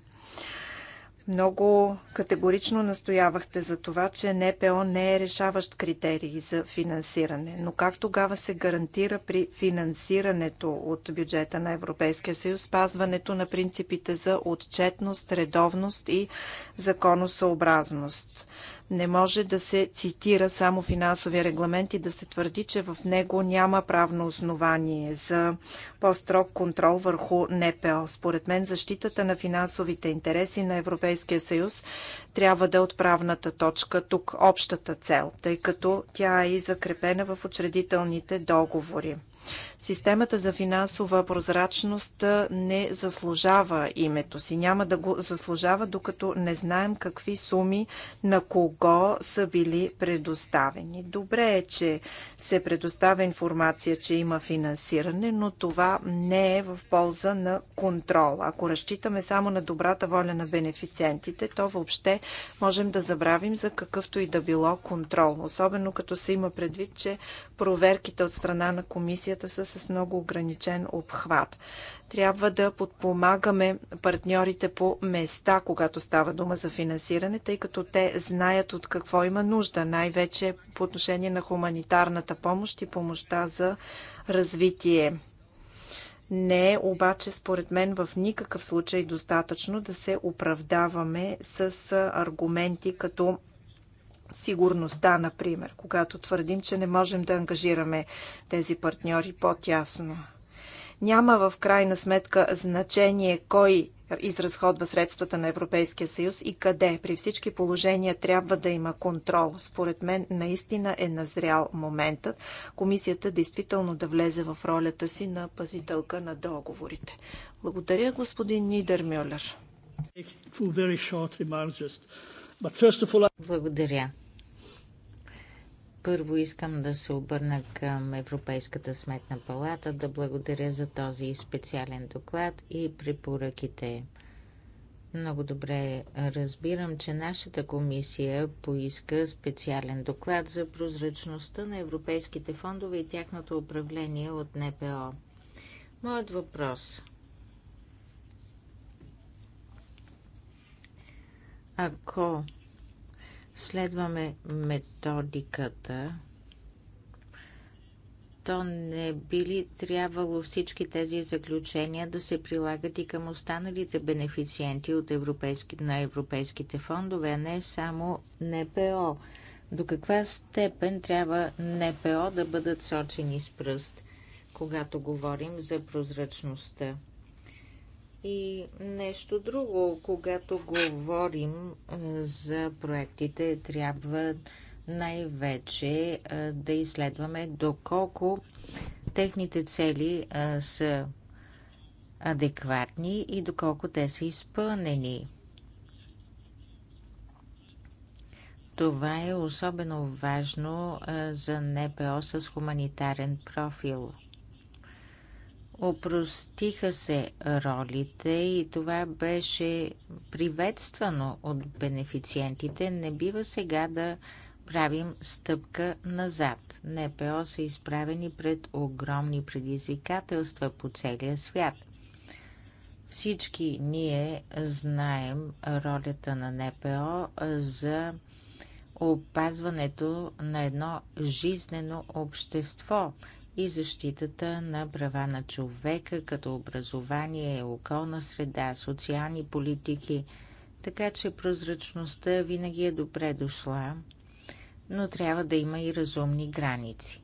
Много категорично настоявахте за това, че НПО не е решаващ критерий за финансиране. Но как тогава се гарантира при финансирането от бюджета на Европейския съюз спазването на принципите за отчетност, редовност и законосъобразност? Не може да се цитира само финансовия регламент и да се твърди, че в него няма правно основание за по-строг контрол върху НПО. Според мен защитата на финансовите интереси на Европейския съюз трябва да е отправната точка тук общата цел, тъй като тя е и закрепена в учредителните договори. Системата за финансова прозрачност не заслужава името си. Няма да го заслужава, докато не знаем какви суми на кого са били предоставени. Добре е, че се предоставя информация, че има финансиране, но това не е в полза на контрол. Ако разчитаме само на добрата воля на бенефициентите, то въобще можем да забравим за какъвто и да било контрол. Особено като се има предвид, че проверките от страна на комисията действията са с много ограничен обхват. Трябва да подпомагаме партньорите по места, когато става дума за финансиране, тъй като те знаят от какво има нужда, най-вече по отношение на хуманитарната помощ и помощта за развитие. Не е обаче, според мен, в никакъв случай достатъчно да се оправдаваме с аргументи като сигурността, например, когато твърдим, че не можем да ангажираме тези партньори по-тясно. Няма в крайна сметка значение кой изразходва средствата на Европейския съюз и къде. При всички положения трябва да има контрол. Според мен наистина е назрял моментът комисията действително да влезе в ролята си на пазителка на договорите. Благодаря, господин Мюллер. Благодаря. Първо искам да се обърна към Европейската сметна палата, да благодаря за този специален доклад и препоръките. Много добре разбирам, че нашата комисия поиска специален доклад за прозрачността на европейските фондове и тяхното управление от НПО. Моят въпрос – Ако следваме методиката, то не би ли трябвало всички тези заключения да се прилагат и към останалите бенефициенти от европейски, на европейските фондове, а не само НПО? До каква степен трябва НПО да бъдат сочени с пръст, когато говорим за прозрачността? И нещо друго, когато говорим за проектите, трябва най-вече да изследваме доколко техните цели са адекватни и доколко те са изпълнени. Това е особено важно за НПО с хуманитарен профил – Опростиха се ролите и това беше приветствано от бенефициентите. Не бива сега да правим стъпка назад. НПО са изправени пред огромни предизвикателства по целия свят. Всички ние знаем ролята на НПО за опазването на едно жизнено общество – и защитата на права на човека, като образование, околна среда, социални политики. Така че прозрачността винаги е добре дошла, но трябва да има и разумни граници.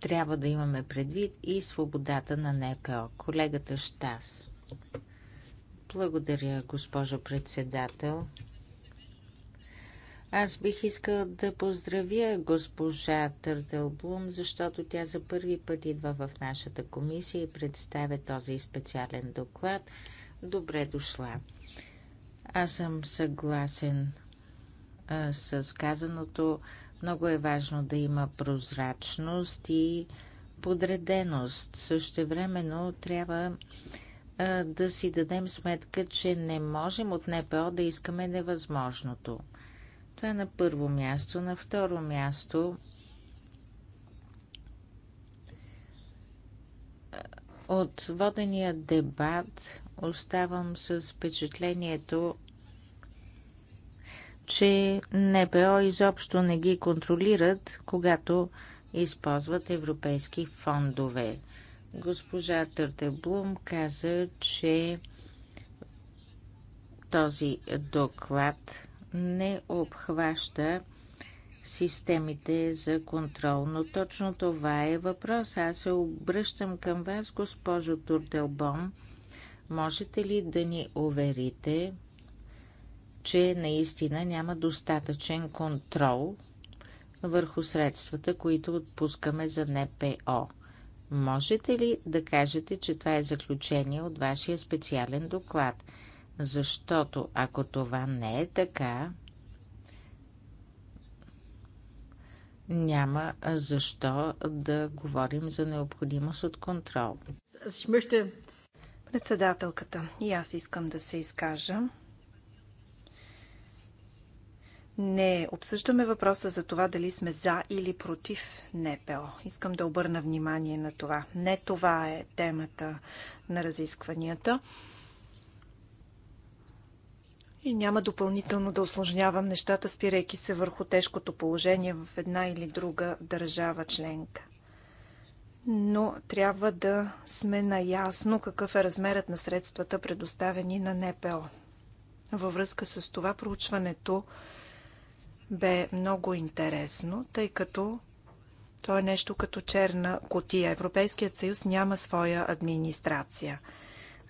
Трябва да имаме предвид и свободата на НПО. Колегата Штас. Благодаря, госпожо председател. Аз бих искал да поздравя госпожа Търтълблум, защото тя за първи път идва в нашата комисия и представя този специален доклад. Добре дошла. Аз съм съгласен а, с казаното. Много е важно да има прозрачност и подреденост. времено трябва а, да си дадем сметка, че не можем от НПО да искаме невъзможното – това е на първо място. На второ място от водения дебат оставам с впечатлението, че НПО изобщо не ги контролират, когато използват европейски фондове. Госпожа Търтеблум каза, че този доклад не обхваща системите за контрол. Но точно това е въпрос. Аз се обръщам към вас, госпожо Туртелбом. Можете ли да ни уверите, че наистина няма достатъчен контрол върху средствата, които отпускаме за НПО? Можете ли да кажете, че това е заключение от вашия специален доклад? Защото ако това не е така, няма защо да говорим за необходимост от контрол. Председателката, и аз искам да се изкажа. Не обсъждаме въпроса за това дали сме за или против НПО. Искам да обърна внимание на това. Не това е темата на разискванията. И няма допълнително да осложнявам нещата, спирайки се върху тежкото положение в една или друга държава членка. Но трябва да сме наясно какъв е размерът на средствата, предоставени на НПО. Във връзка с това проучването бе много интересно, тъй като то е нещо като черна котия. Европейският съюз няма своя администрация –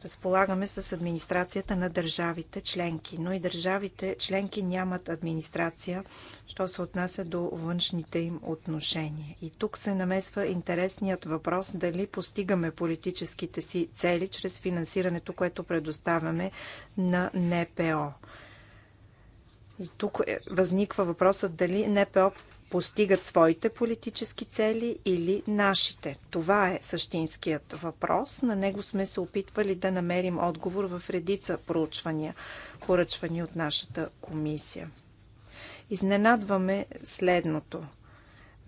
разполагаме с администрацията на държавите членки, но и държавите членки нямат администрация, що се отнася до външните им отношения. И тук се намесва интересният въпрос дали постигаме политическите си цели чрез финансирането, което предоставяме на НПО. И тук е, възниква въпросът дали НПО постигат своите политически цели или нашите? Това е същинският въпрос. На него сме се опитвали да намерим отговор в редица проучвания, поръчвани от нашата комисия. Изненадваме следното.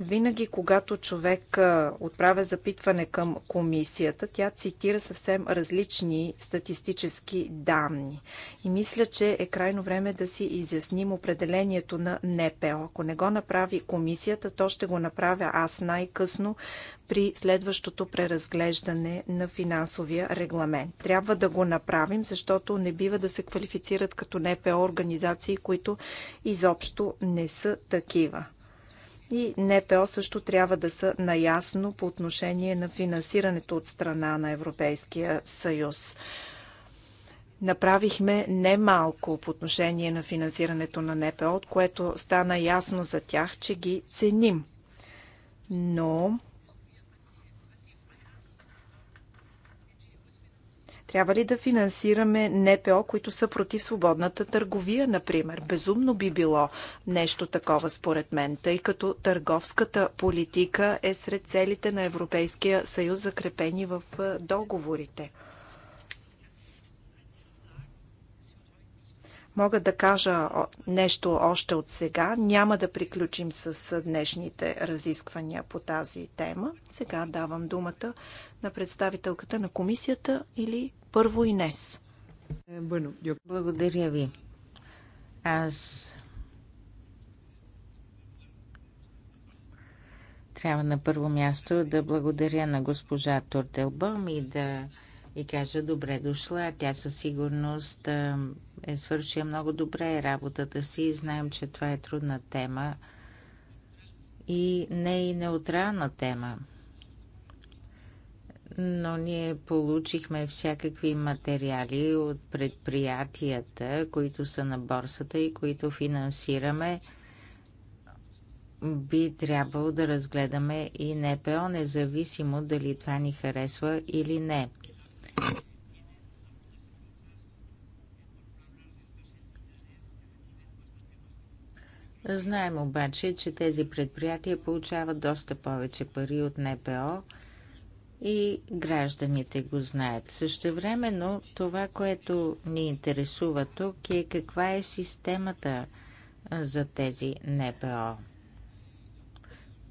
Винаги, когато човек отправя запитване към комисията, тя цитира съвсем различни статистически данни. И мисля, че е крайно време да си изясним определението на НПО. Ако не го направи комисията, то ще го направя аз най-късно при следващото преразглеждане на финансовия регламент. Трябва да го направим, защото не бива да се квалифицират като НПО организации, които изобщо не са такива. И НПО също трябва да са наясно по отношение на финансирането от страна на Европейския съюз. Направихме немалко по отношение на финансирането на НПО, от което стана ясно за тях, че ги ценим. Но Трябва ли да финансираме НПО, които са против свободната търговия, например? Безумно би било нещо такова, според мен, тъй като търговската политика е сред целите на Европейския съюз, закрепени в договорите. Мога да кажа нещо още от сега. Няма да приключим с днешните разисквания по тази тема. Сега давам думата на представителката на комисията или първо и днес. Е, благодаря ви. Аз трябва на първо място да благодаря на госпожа Тортелбъм и да и кажа добре дошла. Тя със сигурност е, е свършила много добре работата си. Знаем, че това е трудна тема и не и неутрална тема но ние получихме всякакви материали от предприятията, които са на борсата и които финансираме. Би трябвало да разгледаме и НПО, независимо дали това ни харесва или не. Знаем обаче, че тези предприятия получават доста повече пари от НПО – и гражданите го знаят. Същевременно това, което ни интересува тук е каква е системата за тези НПО.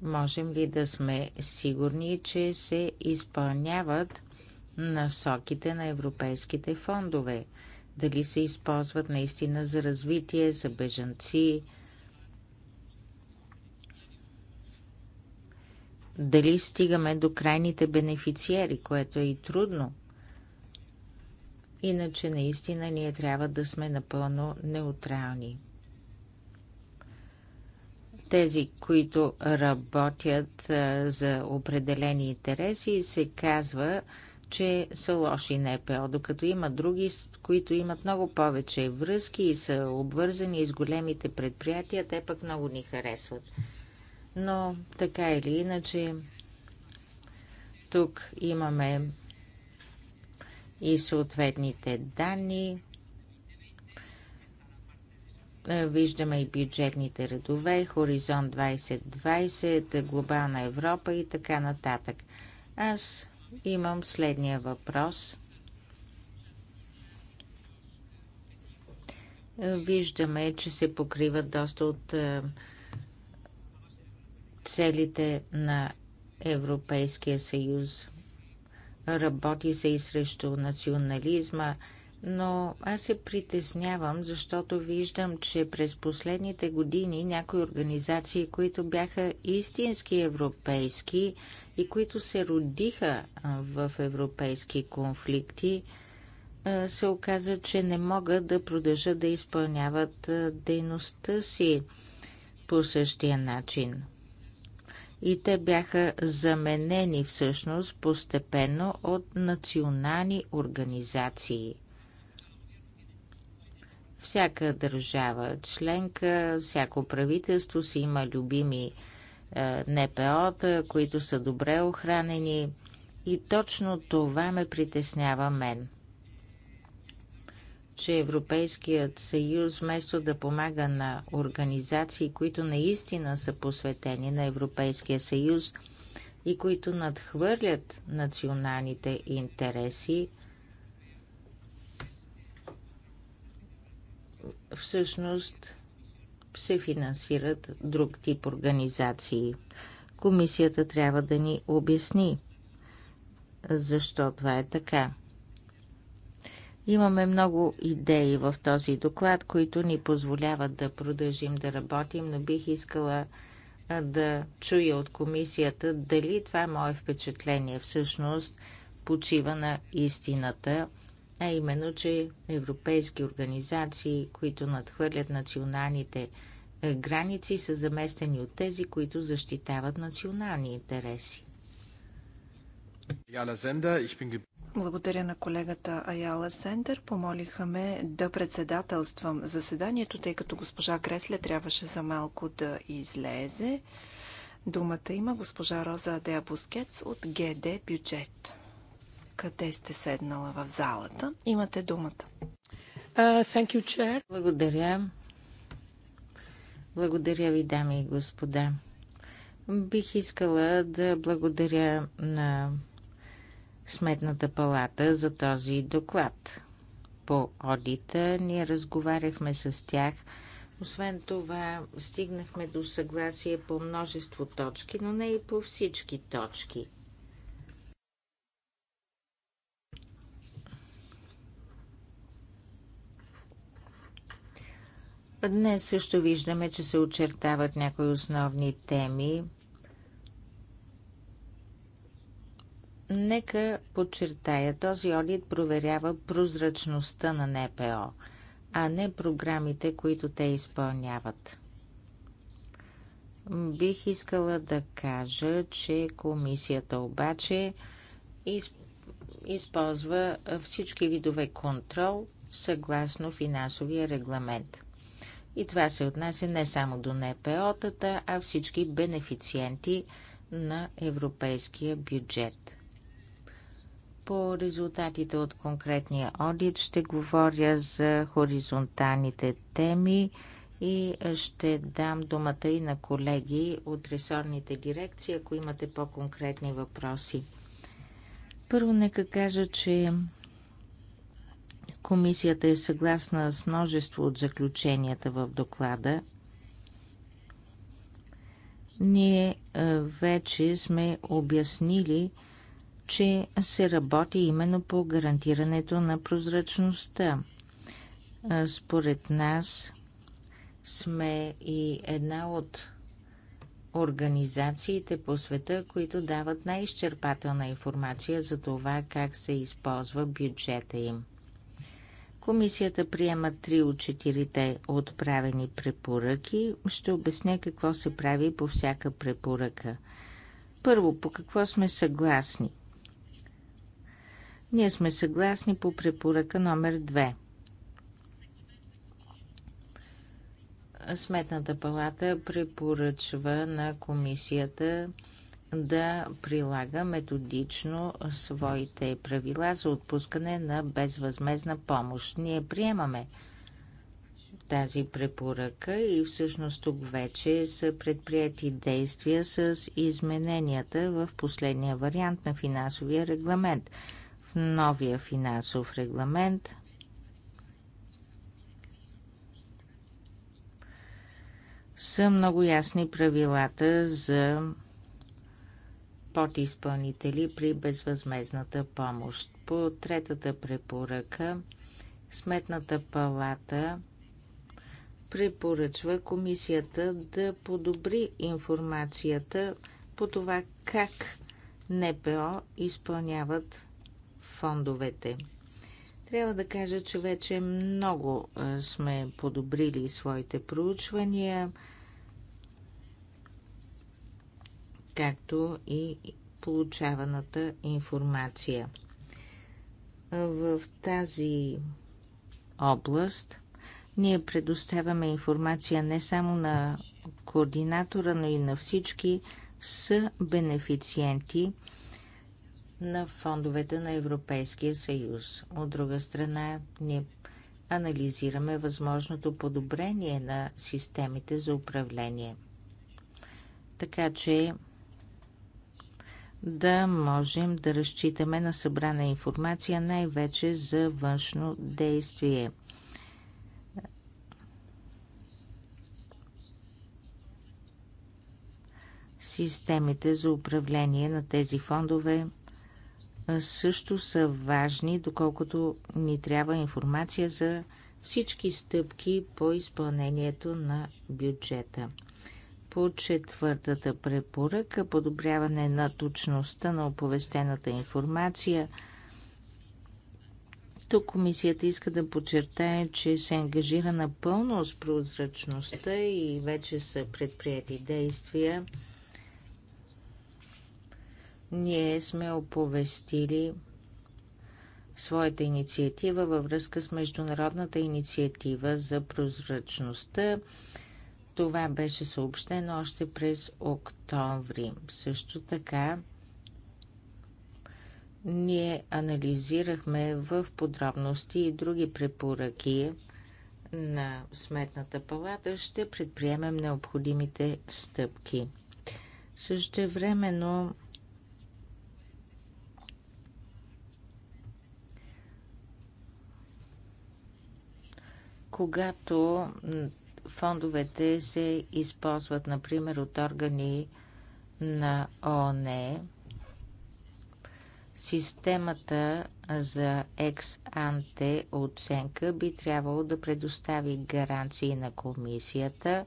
Можем ли да сме сигурни, че се изпълняват насоките на европейските фондове? Дали се използват наистина за развитие, за бежанци, дали стигаме до крайните бенефициери, което е и трудно. Иначе наистина ние трябва да сме напълно неутрални. Тези, които работят за определени интереси, се казва, че са лоши НПО, докато има други, които имат много повече връзки и са обвързани с големите предприятия, те пък много ни харесват но така или иначе тук имаме и съответните данни. Виждаме и бюджетните редове, Хоризонт 2020, Глобална Европа и така нататък. Аз имам следния въпрос. Виждаме, че се покриват доста от е, целите на Европейския съюз. Работи се и срещу национализма, но аз се притеснявам, защото виждам, че през последните години някои организации, които бяха истински европейски и които се родиха в европейски конфликти, се оказа, че не могат да продължат да изпълняват дейността си по същия начин и те бяха заменени всъщност постепенно от национални организации. Всяка държава членка, всяко правителство си има любими е, НПО-та, които са добре охранени и точно това ме притеснява мен – че Европейският съюз вместо да помага на организации, които наистина са посветени на Европейския съюз и които надхвърлят националните интереси, всъщност се финансират друг тип организации. Комисията трябва да ни обясни защо това е така. Имаме много идеи в този доклад, които ни позволяват да продължим да работим, но бих искала да чуя от комисията дали това мое впечатление всъщност почива на истината, а именно, че европейски организации, които надхвърлят националните е, граници, са заместени от тези, които защитават национални интереси. Благодаря на колегата Аяла Сендер. Помолиха ме да председателствам заседанието, тъй като госпожа Гресле трябваше за малко да излезе. Думата има госпожа Роза Адея Бускец от ГД Бюджет. Къде сте седнала в залата? Имате думата. Uh, thank you, chair. Благодаря. Благодаря ви, дами и господа. Бих искала да благодаря на Сметната палата за този доклад. По одита ние разговаряхме с тях. Освен това, стигнахме до съгласие по множество точки, но не и по всички точки. Днес също виждаме, че се очертават някои основни теми Нека подчертая, този одит проверява прозрачността на НПО, а не програмите, които те изпълняват. Бих искала да кажа, че комисията обаче използва всички видове контрол съгласно финансовия регламент. И това се отнася не само до НПО-тата, а всички бенефициенти на европейския бюджет. По резултатите от конкретния одит ще говоря за хоризонталните теми и ще дам думата и на колеги от ресорните дирекции, ако имате по-конкретни въпроси. Първо нека кажа, че комисията е съгласна с множество от заключенията в доклада. Ние вече сме обяснили, че се работи именно по гарантирането на прозрачността. Според нас сме и една от организациите по света, които дават най-изчерпателна информация за това как се използва бюджета им. Комисията приема три от четирите отправени препоръки. Ще обясня какво се прави по всяка препоръка. Първо, по какво сме съгласни? Ние сме съгласни по препоръка номер 2. Сметната палата препоръчва на комисията да прилага методично своите правила за отпускане на безвъзмезна помощ. Ние приемаме тази препоръка и всъщност тук вече са предприяти действия с измененията в последния вариант на финансовия регламент – новия финансов регламент. Са много ясни правилата за подизпълнители при безвъзмезната помощ. По третата препоръка Сметната палата препоръчва комисията да подобри информацията по това как НПО изпълняват фондовете. Трябва да кажа, че вече много сме подобрили своите проучвания, както и получаваната информация. В тази област ние предоставяме информация не само на координатора, но и на всички с бенефициенти – на фондовете на Европейския съюз. От друга страна, ние анализираме възможното подобрение на системите за управление. Така че да можем да разчитаме на събрана информация най-вече за външно действие. Системите за управление на тези фондове – също са важни, доколкото ни трябва информация за всички стъпки по изпълнението на бюджета. По четвъртата препоръка подобряване на точността на оповестената информация. Тук комисията иска да подчертае, че се ангажира напълно с прозрачността и вече са предприяти действия ние сме оповестили своята инициатива във връзка с Международната инициатива за прозрачността. Това беше съобщено още през октомври. Също така ние анализирахме в подробности и други препоръки на Сметната палата. Ще предприемем необходимите стъпки. времено. Когато фондовете се използват, например, от органи на ООН, системата за екс-анте оценка би трябвало да предостави гаранции на комисията,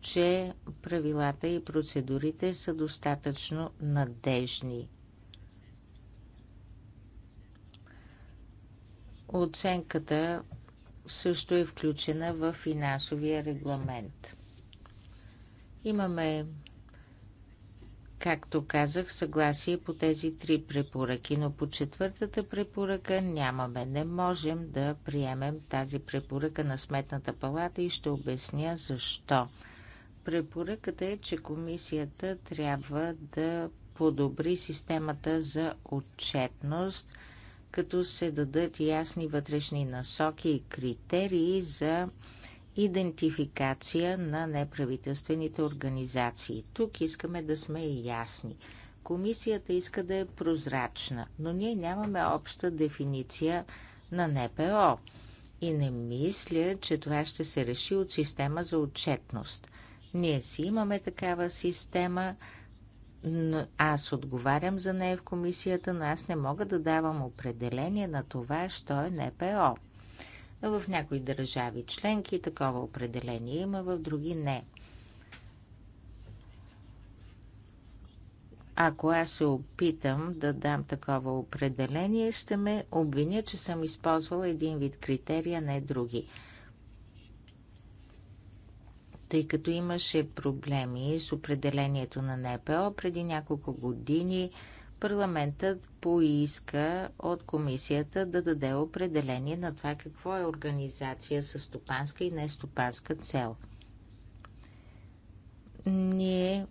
че правилата и процедурите са достатъчно надежни. Оценката също е включена в финансовия регламент. Имаме, както казах, съгласие по тези три препоръки, но по четвъртата препоръка нямаме. Не можем да приемем тази препоръка на Сметната палата и ще обясня защо. Препоръката е, че комисията трябва да подобри системата за отчетност – като се дадат ясни вътрешни насоки и критерии за идентификация на неправителствените организации. Тук искаме да сме ясни. Комисията иска да е прозрачна, но ние нямаме обща дефиниция на НПО. И не мисля, че това ще се реши от система за отчетност. Ние си имаме такава система – аз отговарям за нея в комисията, но аз не мога да давам определение на това, що е НПО. В някои държави членки такова определение има, в други не. Ако аз се опитам да дам такова определение, ще ме обвиня, че съм използвала един вид критерия, не други тъй като имаше проблеми с определението на НПО преди няколко години. Парламентът поиска от комисията да даде определение на това какво е организация с стопанска и нестопанска цел. Ние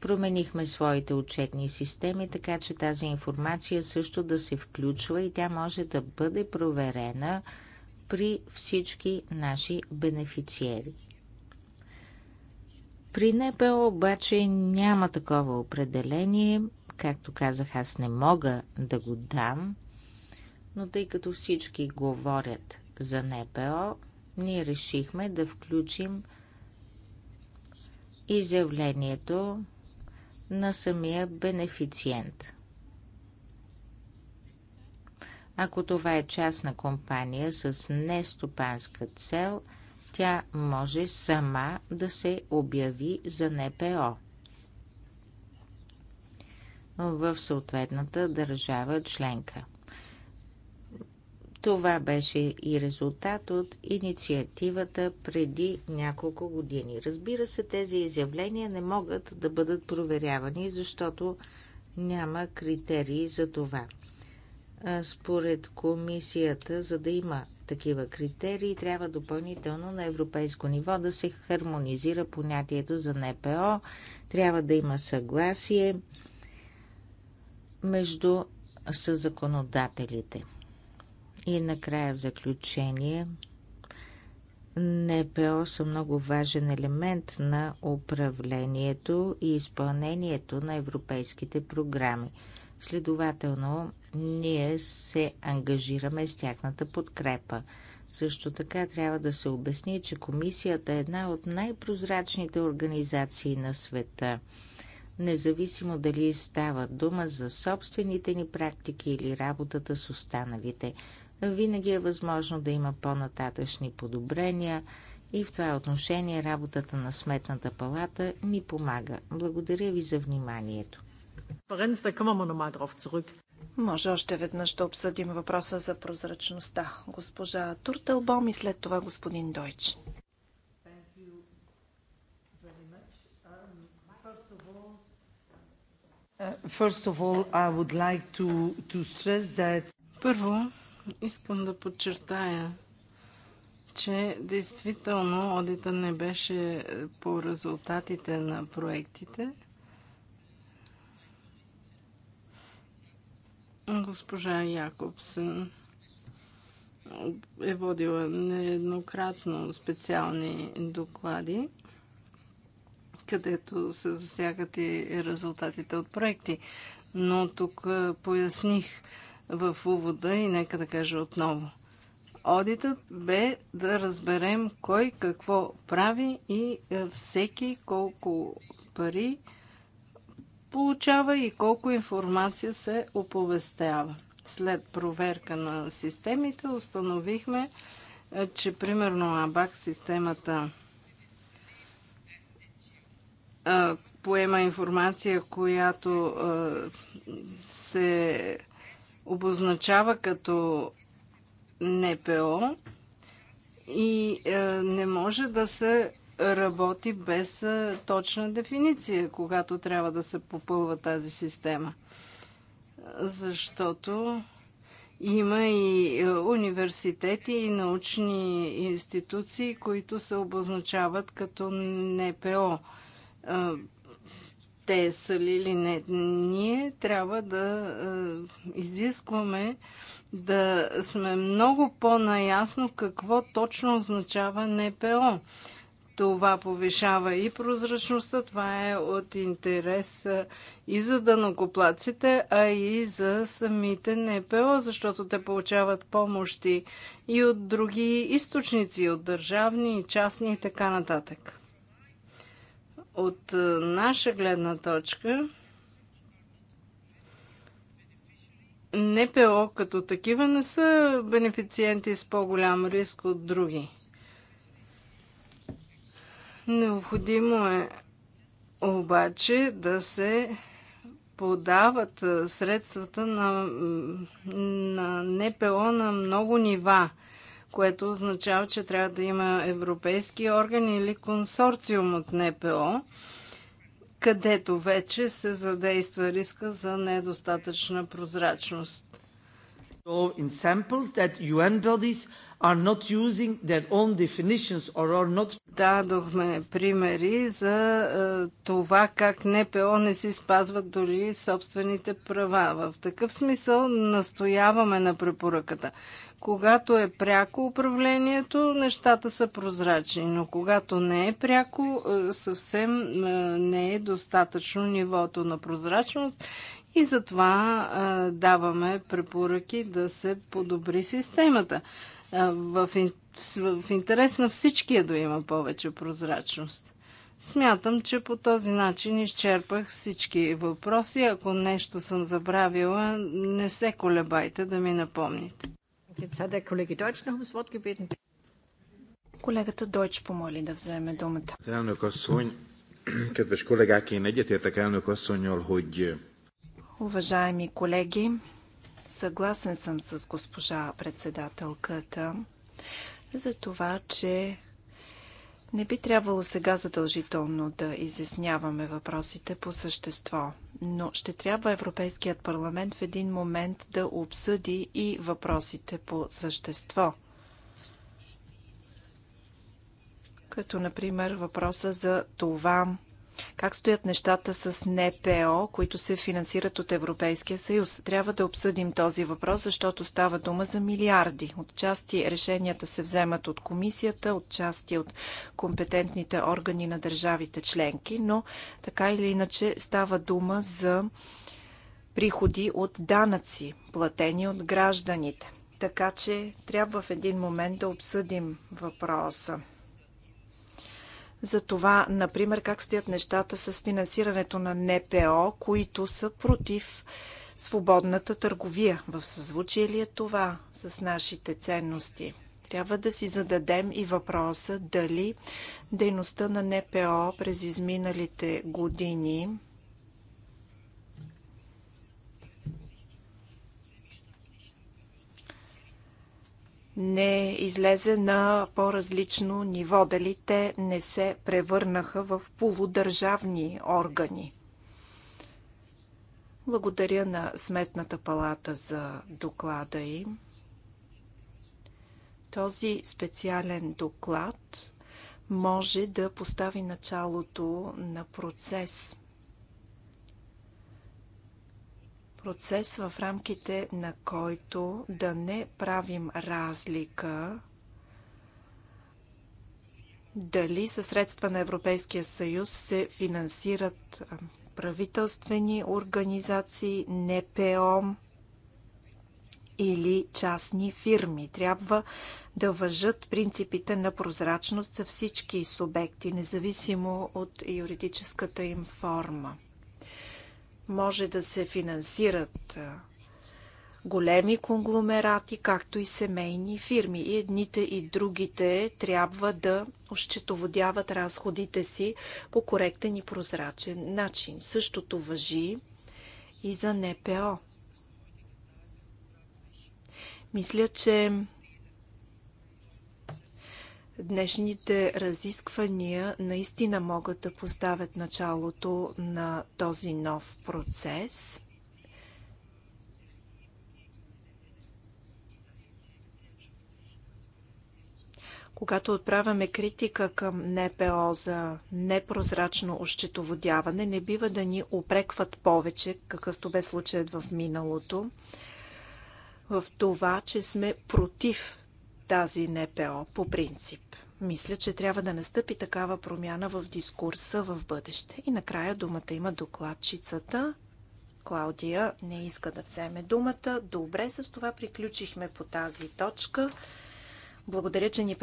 променихме своите отчетни системи, така че тази информация също да се включва и тя може да бъде проверена при всички наши бенефициери. При НПО обаче няма такова определение, както казах, аз не мога да го дам, но тъй като всички говорят за НПО, ние решихме да включим изявлението на самия бенефициент – ако това е частна компания с нестопанска цел, тя може сама да се обяви за НПО в съответната държава членка. Това беше и резултат от инициативата преди няколко години. Разбира се, тези изявления не могат да бъдат проверявани, защото няма критерии за това. Според комисията, за да има такива критерии, трябва допълнително на европейско ниво да се хармонизира понятието за НПО. Трябва да има съгласие между съзаконодателите. И накрая в заключение, НПО са много важен елемент на управлението и изпълнението на европейските програми. Следователно, ние се ангажираме с тяхната подкрепа. Също така трябва да се обясни, че комисията е една от най-прозрачните организации на света. Независимо дали става дума за собствените ни практики или работата с останалите, винаги е възможно да има по-нататъчни подобрения и в това отношение работата на Сметната палата ни помага. Благодаря ви за вниманието. Може още веднъж да обсъдим въпроса за прозрачността. Госпожа Туртълбом и след това господин Дойч. Първо, искам да подчертая, че действително одита не беше по резултатите на проектите, Госпожа Якобсен е водила нееднократно специални доклади, където се засягат и резултатите от проекти. Но тук поясних в увода и нека да кажа отново. Одитът бе да разберем кой какво прави и всеки колко пари получава и колко информация се оповестява. След проверка на системите установихме, е, че примерно АБАК системата е, поема информация, която е, се обозначава като НПО и не може да се работи без точна дефиниция, когато трябва да се попълва тази система. Защото има и университети и научни институции, които се обозначават като НПО. Те са ли или не? Ние трябва да изискваме да сме много по-наясно какво точно означава НПО. Това повишава и прозрачността, това е от интерес и за данокоплаците, а и за самите НПО, защото те получават помощи и от други източници, от държавни, и частни и така нататък. От е, наша гледна точка, НПО като такива не са бенефициенти с по-голям риск от други. Необходимо е обаче да се подават средствата на, на НПО на много нива, което означава, че трябва да има европейски орган или консорциум от НПО, където вече се задейства риска за недостатъчна прозрачност. So in samples that UN bodies are not using their own definitions or are not... Дадохме примери за е, това как НПО не си спазват дори собствените права. В такъв смисъл настояваме на препоръката. Когато е пряко управлението, нещата са прозрачни, но когато не е пряко, е, съвсем е, не е достатъчно нивото на прозрачност и затова а, даваме препоръки да се подобри системата. А, в, в интерес на всички е да има повече прозрачност. Смятам, че по този начин изчерпах всички въпроси. Ако нещо съм забравила, не се колебайте да ми напомните. Колегата Дойч помоли да вземе думата. Elnök колега kedves kollégák, én egyetértek elnök asszonynal, Уважаеми колеги, съгласен съм с госпожа председателката за това, че не би трябвало сега задължително да изясняваме въпросите по същество, но ще трябва Европейският парламент в един момент да обсъди и въпросите по същество. Като, например, въпроса за това как стоят нещата с НПО, които се финансират от Европейския съюз? Трябва да обсъдим този въпрос, защото става дума за милиарди. От части решенията се вземат от комисията, от части от компетентните органи на държавите членки, но така или иначе става дума за приходи от данъци, платени от гражданите. Така че трябва в един момент да обсъдим въпроса за това, например, как стоят нещата с финансирането на НПО, които са против свободната търговия. В съзвучие ли е това с нашите ценности? Трябва да си зададем и въпроса дали дейността на НПО през изминалите години не излезе на по-различно ниво, дали те не се превърнаха в полудържавни органи. Благодаря на Сметната палата за доклада им. Този специален доклад може да постави началото на процес – Процес в рамките на който да не правим разлика дали със средства на Европейския съюз се финансират правителствени организации, НПО или частни фирми. Трябва да въжат принципите на прозрачност за всички субекти, независимо от юридическата им форма може да се финансират големи конгломерати, както и семейни фирми. И едните и другите трябва да ощетоводяват разходите си по коректен и прозрачен начин. Същото въжи и за НПО. Мисля, че Днешните разисквания наистина могат да поставят началото на този нов процес. Когато отправяме критика към НПО за непрозрачно ощетоводяване, не бива да ни опрекват повече, какъвто бе случаят в миналото, в това, че сме против тази НПО по принцип. Мисля, че трябва да настъпи такава промяна в дискурса в бъдеще. И накрая думата има докладчицата. Клаудия не иска да вземе думата. Добре, с това приключихме по тази точка. Благодаря, че ни